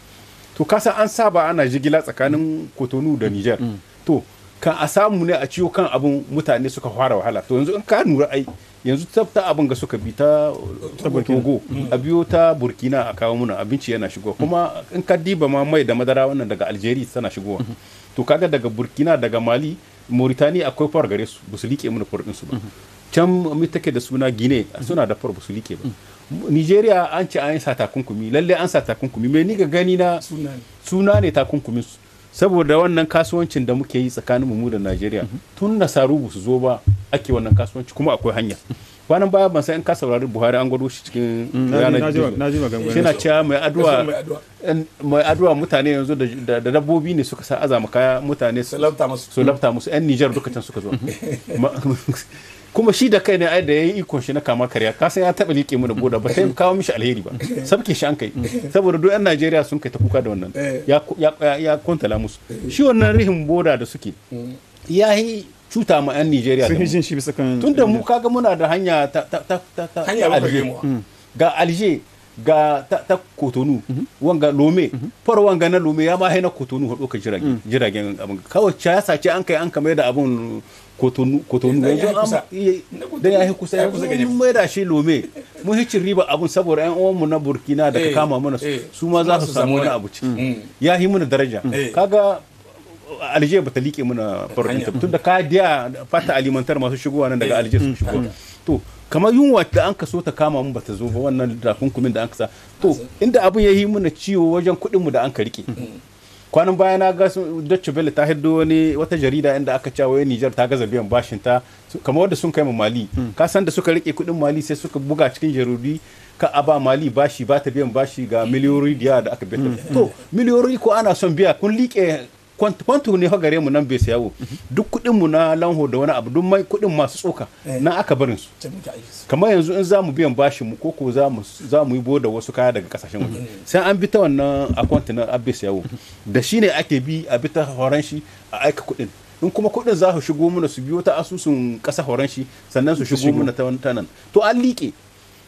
to kasa an saba ana jigila tsakanin kotonu da niger mm. to kan a samu ne a ciwo kan abin mutane suka fara wahala to yanzu in ka nura ai yanzu ta abin ga suka bi ta togo mm. a biyo ta burkina a kawo muna abinci yana shigowa mm. kuma in ka diba ma mai da madara wannan daga algeria tana shigowa mm-hmm. to kaga daga burkina daga mali mauritania akwai far gare su ba su liƙe mana far su ba mm-hmm. can mai take da suna gine mm-hmm. suna da far ba su liƙe ba nigeria an ce an sa takunkumi lalle an sa takunkumi mai ni ga gani na suna ne takunkumin su saboda wannan kasuwancin da muke yi tsakanin mu da nigeria mhm. tun nasaru su zo ba ake wannan kasuwanci kuma akwai hanya kwanan baya ban san in ka saurari buhari an gwado shi cikin mm, ranar shi na cewa mai aduwa mai aduwa mutane yanzu da dabbobi ne suka sa azama kaya mutane su lafta musu yan nijar duka suka zo mhm. kuma shi da kai ne ai da yayi ikon shi na kama karya ka san ya taba liƙe da goda ba sai kawo mishi alheri ba sabke shi an kai saboda duk yan Najeriya sun kai ta kuka da wannan eh. ya ya kontala musu shi wannan rihin boda da suke ya yi cuta ma ɗan Najeriya sun jin shi bisa kan tunda mu kaga muna da hanya ta ta ta ta ga Alger ga ta, kotonu mhm. wanga lome mhm. far wanga na lome ya ma haina kotonu hudu ka jiragen mm. jiragen abin kawai ya sace an kai an kamar da abun kotonu kotonu eh, yanzu da ya kusa ya kusa mun mai da shi lome mun hicin riba abun saboda uwan mu na burkina da ka eh, kama mana eh. su ma za su samu wani abu ciki mm. ya hi mana daraja mm. kaga alje bata ta liƙe mana farkon tun da ka diya fata alimantar masu shigowa nan daga alje su shigo to kamar yunwa da an kaso ta kama mu bata zo ba wannan takunkumin da an kasa to inda abin ya yi mana ciwo wajen kuɗin mu da an ka rike kwanan baya na ga Deutsche Welle ta hiddo wani wata jarida inda aka cewa wai Niger ta gaza biyan bashin ta kamar wanda sun kai mu Mali hmm. ka san da suka rike kuɗin Mali sai suka buga cikin jarudi ka a mali bashi ba ta biyan bashi ga hmm. miliyoyi da da aka biya hmm. to miliyoyi ko ana son biya kun liƙe kwantu ne gare mu nan bai sayawo duk kuɗin mu na lanho da wani abu duk mai kuɗin masu tsoka eh. na aka barin su kamar yanzu in za mu biyan bashi mu ko za mu za mu yi boda wasu kaya daga kasashen waje mm-hmm. sai an bi ta wannan akwanta na abbe sayawo da shine ake bi a bi ta horon shi a aika kuɗin in kuma kuɗin za su shigo mana su biyo ta asusun ƙasa horon shi sannan su shigo mana ta wani tanan to an liƙe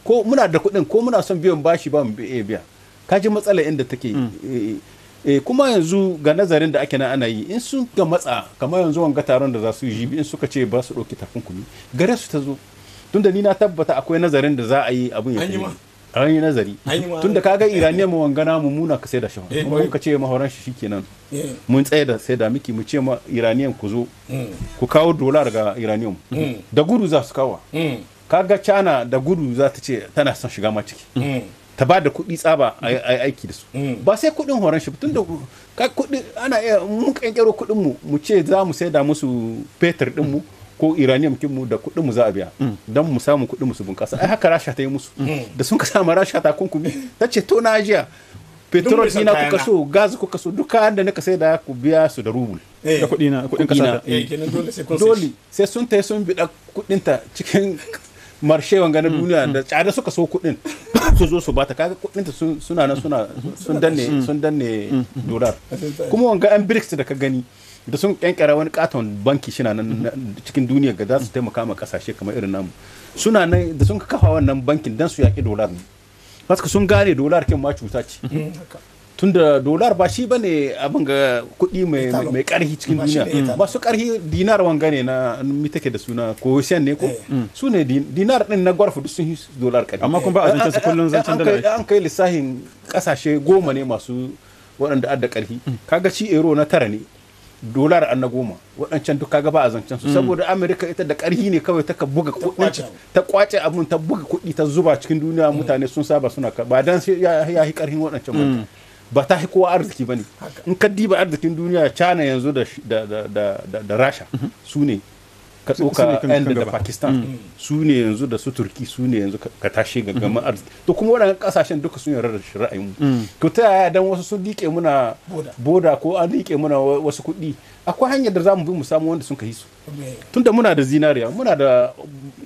ko muna da kuɗin ko muna son biyan bashi ba mu eh, biya kaji matsala inda take mm. eh, e kuma yanzu ga nazarin da ake na ana yi in sun ga matsa kamar yanzu wanga taron da za su yi in suka ce ba su ɗauki takunkumi gare su ta zo tunda ni na tabbata akwai nazarin da za a yi abin ya an yi nazari tun da kaga iraniya mu wangana mu muna ka sai da eh, shi kuma kuka ce mahoran shi shi kenan eh. mun tsaye da sai da miki mu ce ma iraniyan ku zo hmm. ku kawo dola daga iraniyan hmm. da gudu za su kawo hmm. kaga cana da gudu za ta ce tana son shiga ma ciki ta ba da kuɗi tsaba a aiki da su mm. ba sai kuɗin horon shi tun da kuɗi ana iya mun kankero kuɗin mu mu ce za mu saida musu fetur ɗin mu mm. ko iranium kin mu da kuɗin mu za a biya mm. don mu samu kuɗin mu su bunƙasa ai haka rasha ta yi musu da sun ka samu rasha ta kunkumi ta ce to na ajiya petrol ina ku kaso gas ku kaso duk na ka sai saida ku biya su da rubul eh. da kuɗi na kuɗin kasa eh, dole sai sun tai sun biɗa kuɗin ta cikin marshe wanga na mm, duniya mm. da tsada suka so kuɗin su zo su bata kaga kudin ta suna na suna sun danne mm. sun danne dolar kuma wanga an BRICS da ka gani da sun kankara wani katon banki shina nan cikin duniya ga za su taimaka ma kasashe kamar irin namu suna nan da sun kafa wannan bankin dan su yaki dolar ne sun gane dolar kin ma cuta ce tunda dolar ba shi bane abin ga kuɗi mai karhi cikin duniya ba su karhi dinar wanga ne na mi take da suna ko shan ne ko eh. mm. su ne dinar din na gwarfa duk sun yi dolar karhi amma kun ba a zancen su kullun zancen dala an kai lissahin kasashe goma ne masu waɗanda adda karhi mm. kaga ci euro na tara ne dolar an na goma waɗancan duk kaga ba a zancen su mm. saboda amerika ita da ƙarhi ne kawai ta buga kuɗin ta kwace abun ta buga kuɗi ta zuba cikin duniya mutane sun saba suna ba dan ya yi ƙarhin waɗancan mutane ba ta kowa arziki ba ne in ka diba arzikin duniya china yanzu da rasha mhm. su ne ka tsoka yan da pakistan mm. su ne yanzu da su turki su ne yanzu ka tashi gaggaman mm-hmm. arziki to kuma waɗannan kasashen duka sun yarda da ra'ayin mu mm. to ta yaya dan wasu sun liƙe muna boda ko an liƙe muna wasu kuɗi akwai hanyar da za mu bi mu samu wanda sun kai su tunda muna da zinariya muna da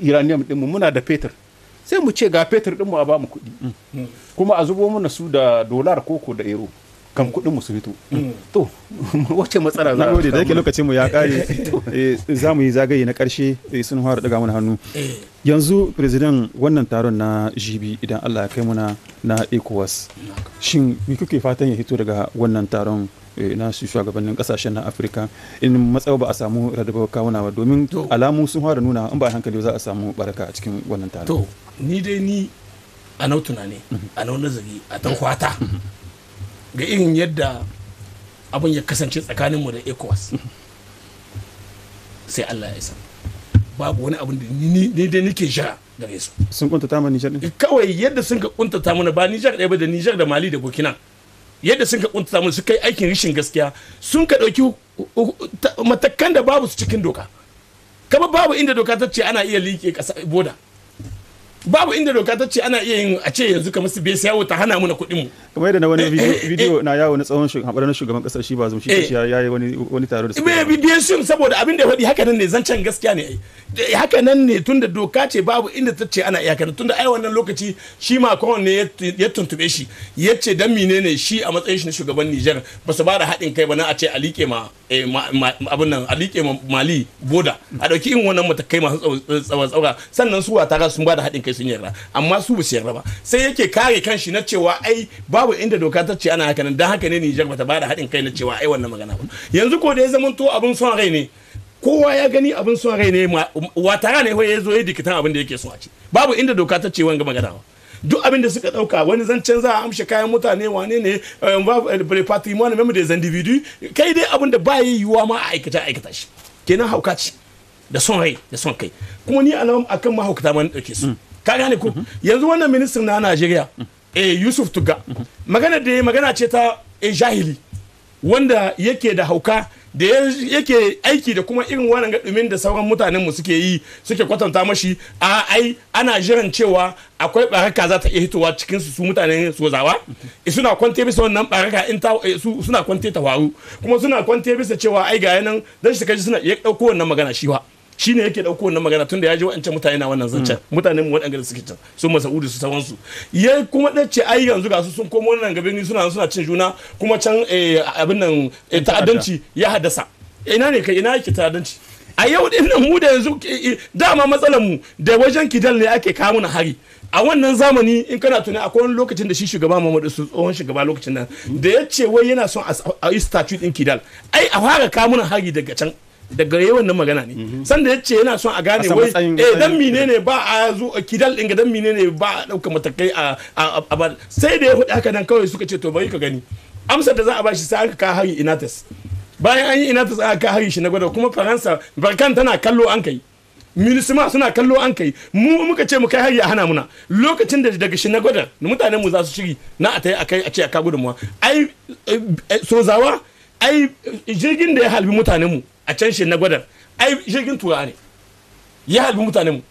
iranium ɗinmu muna da fetur sai mu ce ga fetur ɗinmu a bamu mu kuɗi kuma a zubo mana su da dolar koko da ero kan kuɗin mu su fito to wace matsala za a da yake lokacin mu ya kare eh, za mu yi zagaye na karshe eh, sun fara daga mana hannu eh. yanzu president wannan taron na GB idan Allah ya kai muna na ECOWAS shin mi kuke fatan ya hito daga wannan taron na shugabannin kasashen na afirka in matsawa ba a samu radabar kawunawa domin alamu sun fara nuna in ba hankali za a samu baraka a cikin wannan taron ni dai ni a nau tunani a nau nazari a dan kwata ga irin yadda abin ya kasance tsakaninmu da ecowas sai allah ya isa babu wani abin da ni dai nike jira gare su sun kuntata ma nijar kawai yadda sun ka kuntata mana ba nijar ɗaya ba da nijar da mali da burkina yadda sun ka kuntata mana su kai aikin rishin gaskiya sun ka ɗauki matakan da babu su cikin doka kama babu inda doka ta ce ana iya liƙe boda babu inda doka ta ce ana iya yin a ce yanzu kamar su bai sayawo ta hana muna kuɗin mu kamar yadda na wani bidiyo eh, eh, eh. na yawo na tsawon shugaban na shugaban kasar shi ba zum shi ya yi wani wani taro da su bai bidiyon shi saboda abin da ya faɗi haka nan ne zancen gaskiya ne hakanan haka nan ne tunda doka ce babu inda ta ce ana iya kana tunda ai wannan lokaci shi ma kawai ne ya tuntube shi ce dan menene shi a matsayin shi na shugaban Niger ba su ba da haɗin kai ba na a ce a liƙe ma Eh, abin nan a liƙe mali boda a ɗauki in wannan matakai masu tsawon tsaura sannan su tara sun bada haɗin kai sun yarda amma su su yarda ba sai yake kare kan kanshi na cewa ai babu inda doka ta ce ana haka nan dan haka ne Nijar bata bada haɗin kai na cewa ai wannan magana ba yanzu ko da ya zama to abin son rai ne kowa ya gani abin son rai ne tara ne ya zo ya dikitan abin da yake son a ce babu inda doka ta ce wanga magana ba duk abin da suka dauka wani zan canza a amshe kayan mutane wane ne eh, eh, patrimoine memu des individus kai dai abin da ba yi yiwuwa ma a aikata aikata shi kenan hauka ce da son rai da son kai kuma ni alam akan mahaukata ma dauke su ka gane ko yanzu wannan ministan na Najeriya eh Yusuf Tuga mhm. magana da magana ce ta eh, jahili wanda yake da hauka da yake aiki da kuma irin wannan gadumin da sauran mutanen mu suke yi suke kwatanta mashi a ai ana jiran cewa akwai baraka za ta iya hitowa cikin su mutanen sozawa suna kwante bisa wannan baraka in ta eh, suna kwante ta faru kuma suna kwante bisa cewa ai ga yanan dan shi kaji suna iya ɗauko wannan magana shi wa shi ne yake dauko wannan magana tunda ya ji wa'ancan mutane na wannan zancen mm. mutane mu waɗanda suke can su masaudi su sawansu ya kuma dace ai yanzu ga su sun komo wannan ni suna suna cin juna kuma can eh, abin nan eh, ta'addanci ya haddasa ina ne kai ina yake ta'addanci a yau din nan mu da yanzu eh, dama matsalar mu da wajen kidal ne ake kawo na hari a wannan zamani in kana tuni akwai wani lokacin da shi shugaba Muhammadu su tsohon shugaba lokacin nan da ya ce wai yana son a yi statute din kidal ai a fara kawo na hari daga can daga yawan wannan magana ne mhm. sanda ya ce yana son a gane wai eh dan mine ne ba a zo kidal din ga dan mine ne ba a dauka matakai a a sai da ya hudu haka nan kawai suka ce to bari ka gani amsa da za a bashi sai aka ka hari inatas bayan an yi inatas aka ka hari shi na gwada kuma faransa barkan tana kallo an kai minisma suna kallo an kai mu muka ce mu kai hari a hana muna lokacin da daga shi na gwada mutanen mu za su shiri na a tayi akai a ce a ka gudunmuwa ai eh, eh, sozawa ai jirgin da ya halbi mutanen mu a can shi na gwadar ai jirgin tura ne ya halbi mutane mu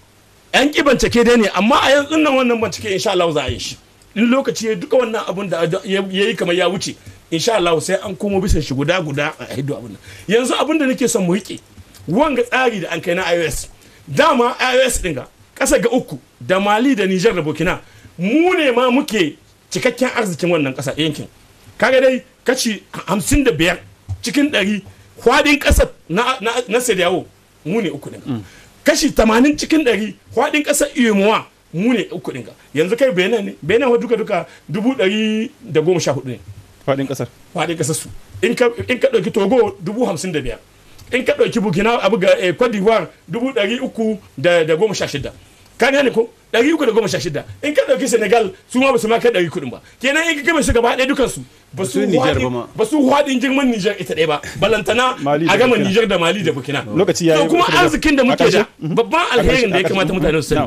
yan ki bincike dai ne amma a yanzu nan wannan bincike insha Allah za a yi shi in lokaci ya duka wannan abun da ya yi kamar ya wuce insha Allah sai an komo bisa shi guda guda a hiddo abun nan yanzu abun da nake son mu rike wanga tsari da an kai na iOS dama iOS din ga kasa ga uku da Mali da Niger da Burkina mu ne ma muke cikakken arzikin wannan kasa yankin kaga dai kaci 55 cikin 100 hwadin kasar na sadiyawo mu ne uku ɗinka kashi 80 cikin 100 hwadin kasar iyemuwa mu ne uku ɗinka yanzu kai benin ne benin wa duka duka 114 ne fadin kasar fadin kasar su in ka in ka dauki togo 55 in ka dauki bukina abu ga eh, goma sha shida. ka ne ko ɗari uku da goma sha shida in ka ɗauki senegal su ma ba su ma kai ɗari kuɗin ba kenan in ka gama su gaba ɗaya dukansu ba su ba su haɗin girman niger ita ɗaya ba balantana a gama niger da mali da burkina lokaci yayi kuma arzikin da muke da babban alherin da ya kamata mutane su sani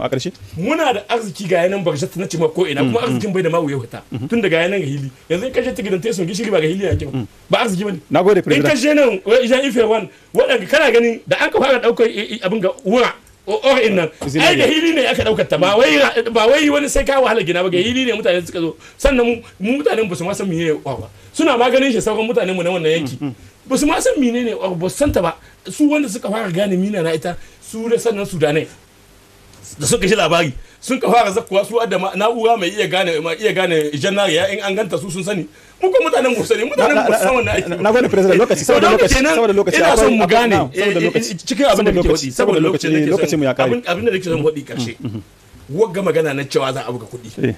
muna da arziki ga yanan barjat na cima ko ina kuma mm, mm, arzikin mm. bai da ma wuya wata mm-hmm. tun daga yanan ga hili yanzu in ka je tigidan tesun gishiri ba ga hili yake ba arziki bane nagode president in ka je nan ijan ife wan waɗanda kana gani da an ka fara ɗaukar eh, eh, abin ga wura or oh, oh, in nan ai da hili ne aka daukar ta ba wai wani sai ka wahala gina ba ga hili ne mutane suka zo sannan mu mutanen ba su ma san meye kwa ba suna maganin shi sauran mutanen mu na wannan yanki mm, mm, mm. ba su ma san menene ba su santa ba su wanda suka fara gane mina na ita su da sannan sudanai da suka shi labari sun ka fara zakkuwa su da na'ura mai iya gane ma iya gane ya in an ganta su sun sani mu ko mutanen mu sani mutanen mu san wannan aiki na gode president lokaci saboda lokaci saboda lokaci ina son mu gane eh, eh, cikin abin da kake faɗi saboda lokaci lokacin mu ya kare abin da kake son faɗi karshe mm-hmm, mm-hmm. wagga magana na cewa za a buga kuɗi eh.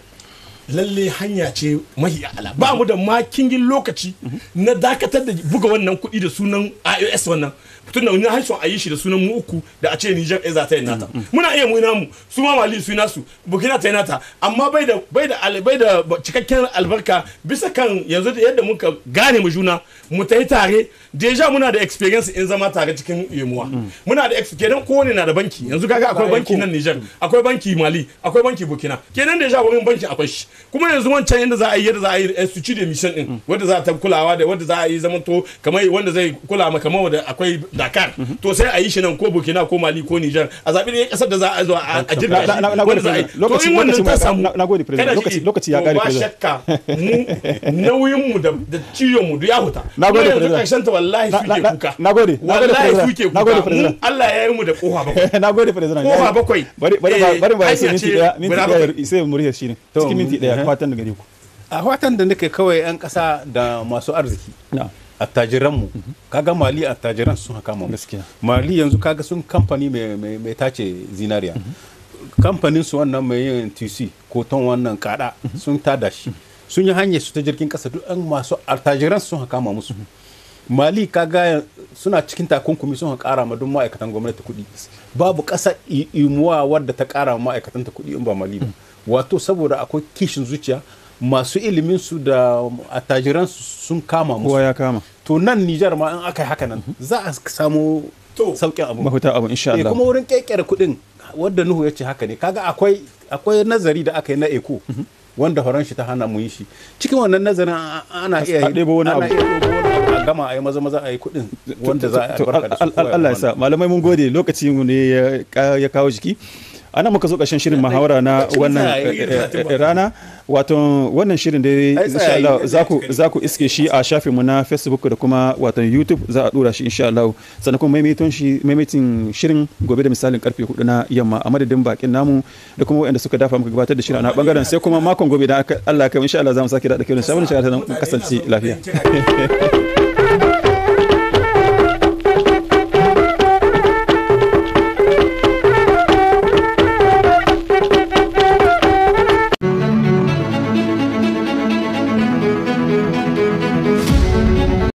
lalle hanya ce mahi ala ba mu da makingin lokaci mm-hmm. na dakatar da buga wannan kuɗi da sunan iOS wannan tun da wani haison a yi shi da sunan mu uku da a ce Niger ɗaya za ta yi nata muna iya muna mu su ma Mali su nasu Burkina ta yi nata amma bai da bai da bai da cikakken albarka bisa kan yanzu da yadda muka gane mu juna mu ta yi tare deja muna da experience in zama tare cikin yemuwa muna da experience kenan kowane na da banki yanzu kaga akwai banki nan Niger akwai banki Mali akwai banki Burkina kenan deja wurin banki akwai shi kuma yanzu wancan yadda za a yi yadda za a yi su ci da mission din wanda za ta kulawa da wanda za a yi zamanto kamar wanda zai kula kamar da akwai dakar to sai a yi shi nan ko burkina ko mali ko niger a zaɓi ne kasar da za a zo a jirga shi wanda za a yi to in wannan ta samu kada shi lokaci ya gare ba shakka mu nauyin mu da ciyon mu ya huta na gode president ta wallahi suke kuka na gode wallahi suke kuka mu Allah ya yi mu da kofa bakwai na gode president kofa bakwai bari bari eh, bari ba sai minti daya minti daya sai mu rihe shi ne cikin minti daya eh, eh. fatan da gare ku a fatan da nake kawai yan kasa da masu arziki na'am attajiranmu kaga mali attajiran sun haka mu mali yanzu kaga sun kamfani mai tace zinariya kamfanin su wannan mai yin tc koton wannan kada sun tada shi sun yi hanyar su ta jirgin kasa duk an masu attajiran sun haka ma musu mali kaga suna cikin takunkumi sun kara ma duk ma'aikatan gwamnati kuɗi babu ƙasa imuwa wadda ta kara ma ma'aikatan ta kuɗi in ba mali ba wato saboda akwai kishin zuciya masu ilimin su da attajiran su sun kama musu kowa ya kama to nan Nijar ma in aka yi haka nan mhm. za a samu sauƙin abu mafuta abu insha eh, Allah kuma wurin kekere kuɗin wanda Nuhu ya ce haka ne kaga akwai akwai nazari da aka yi na eko mhm. wanda horon shi ta hana mu yi shi cikin wannan nazarin ana iya ana iya wani abu a gama a yi maza maza a yi kuɗin wanda za a albarka da su Allah ya sa malamai mun gode lokaci ne ya kawo jiki ana muka zo ƙarshen shirin muhawara na wannan eh, eh, eh, rana wato wannan shirin da insha Allah za ku iske shi a shafin mu na Facebook da kuma wato YouTube za a dora shi insha Allah sannan kuma maimaitin shi maimaitin shirin gobe da misalin karfe 4 na yamma a madadin bakin namu da kuma waɗanda suka dafa muka gabatar da shirin a bangaren sai kuma makon gobe da Allah ya kai insha Allah za mu sake da kiran sabon shirin kasance lafiya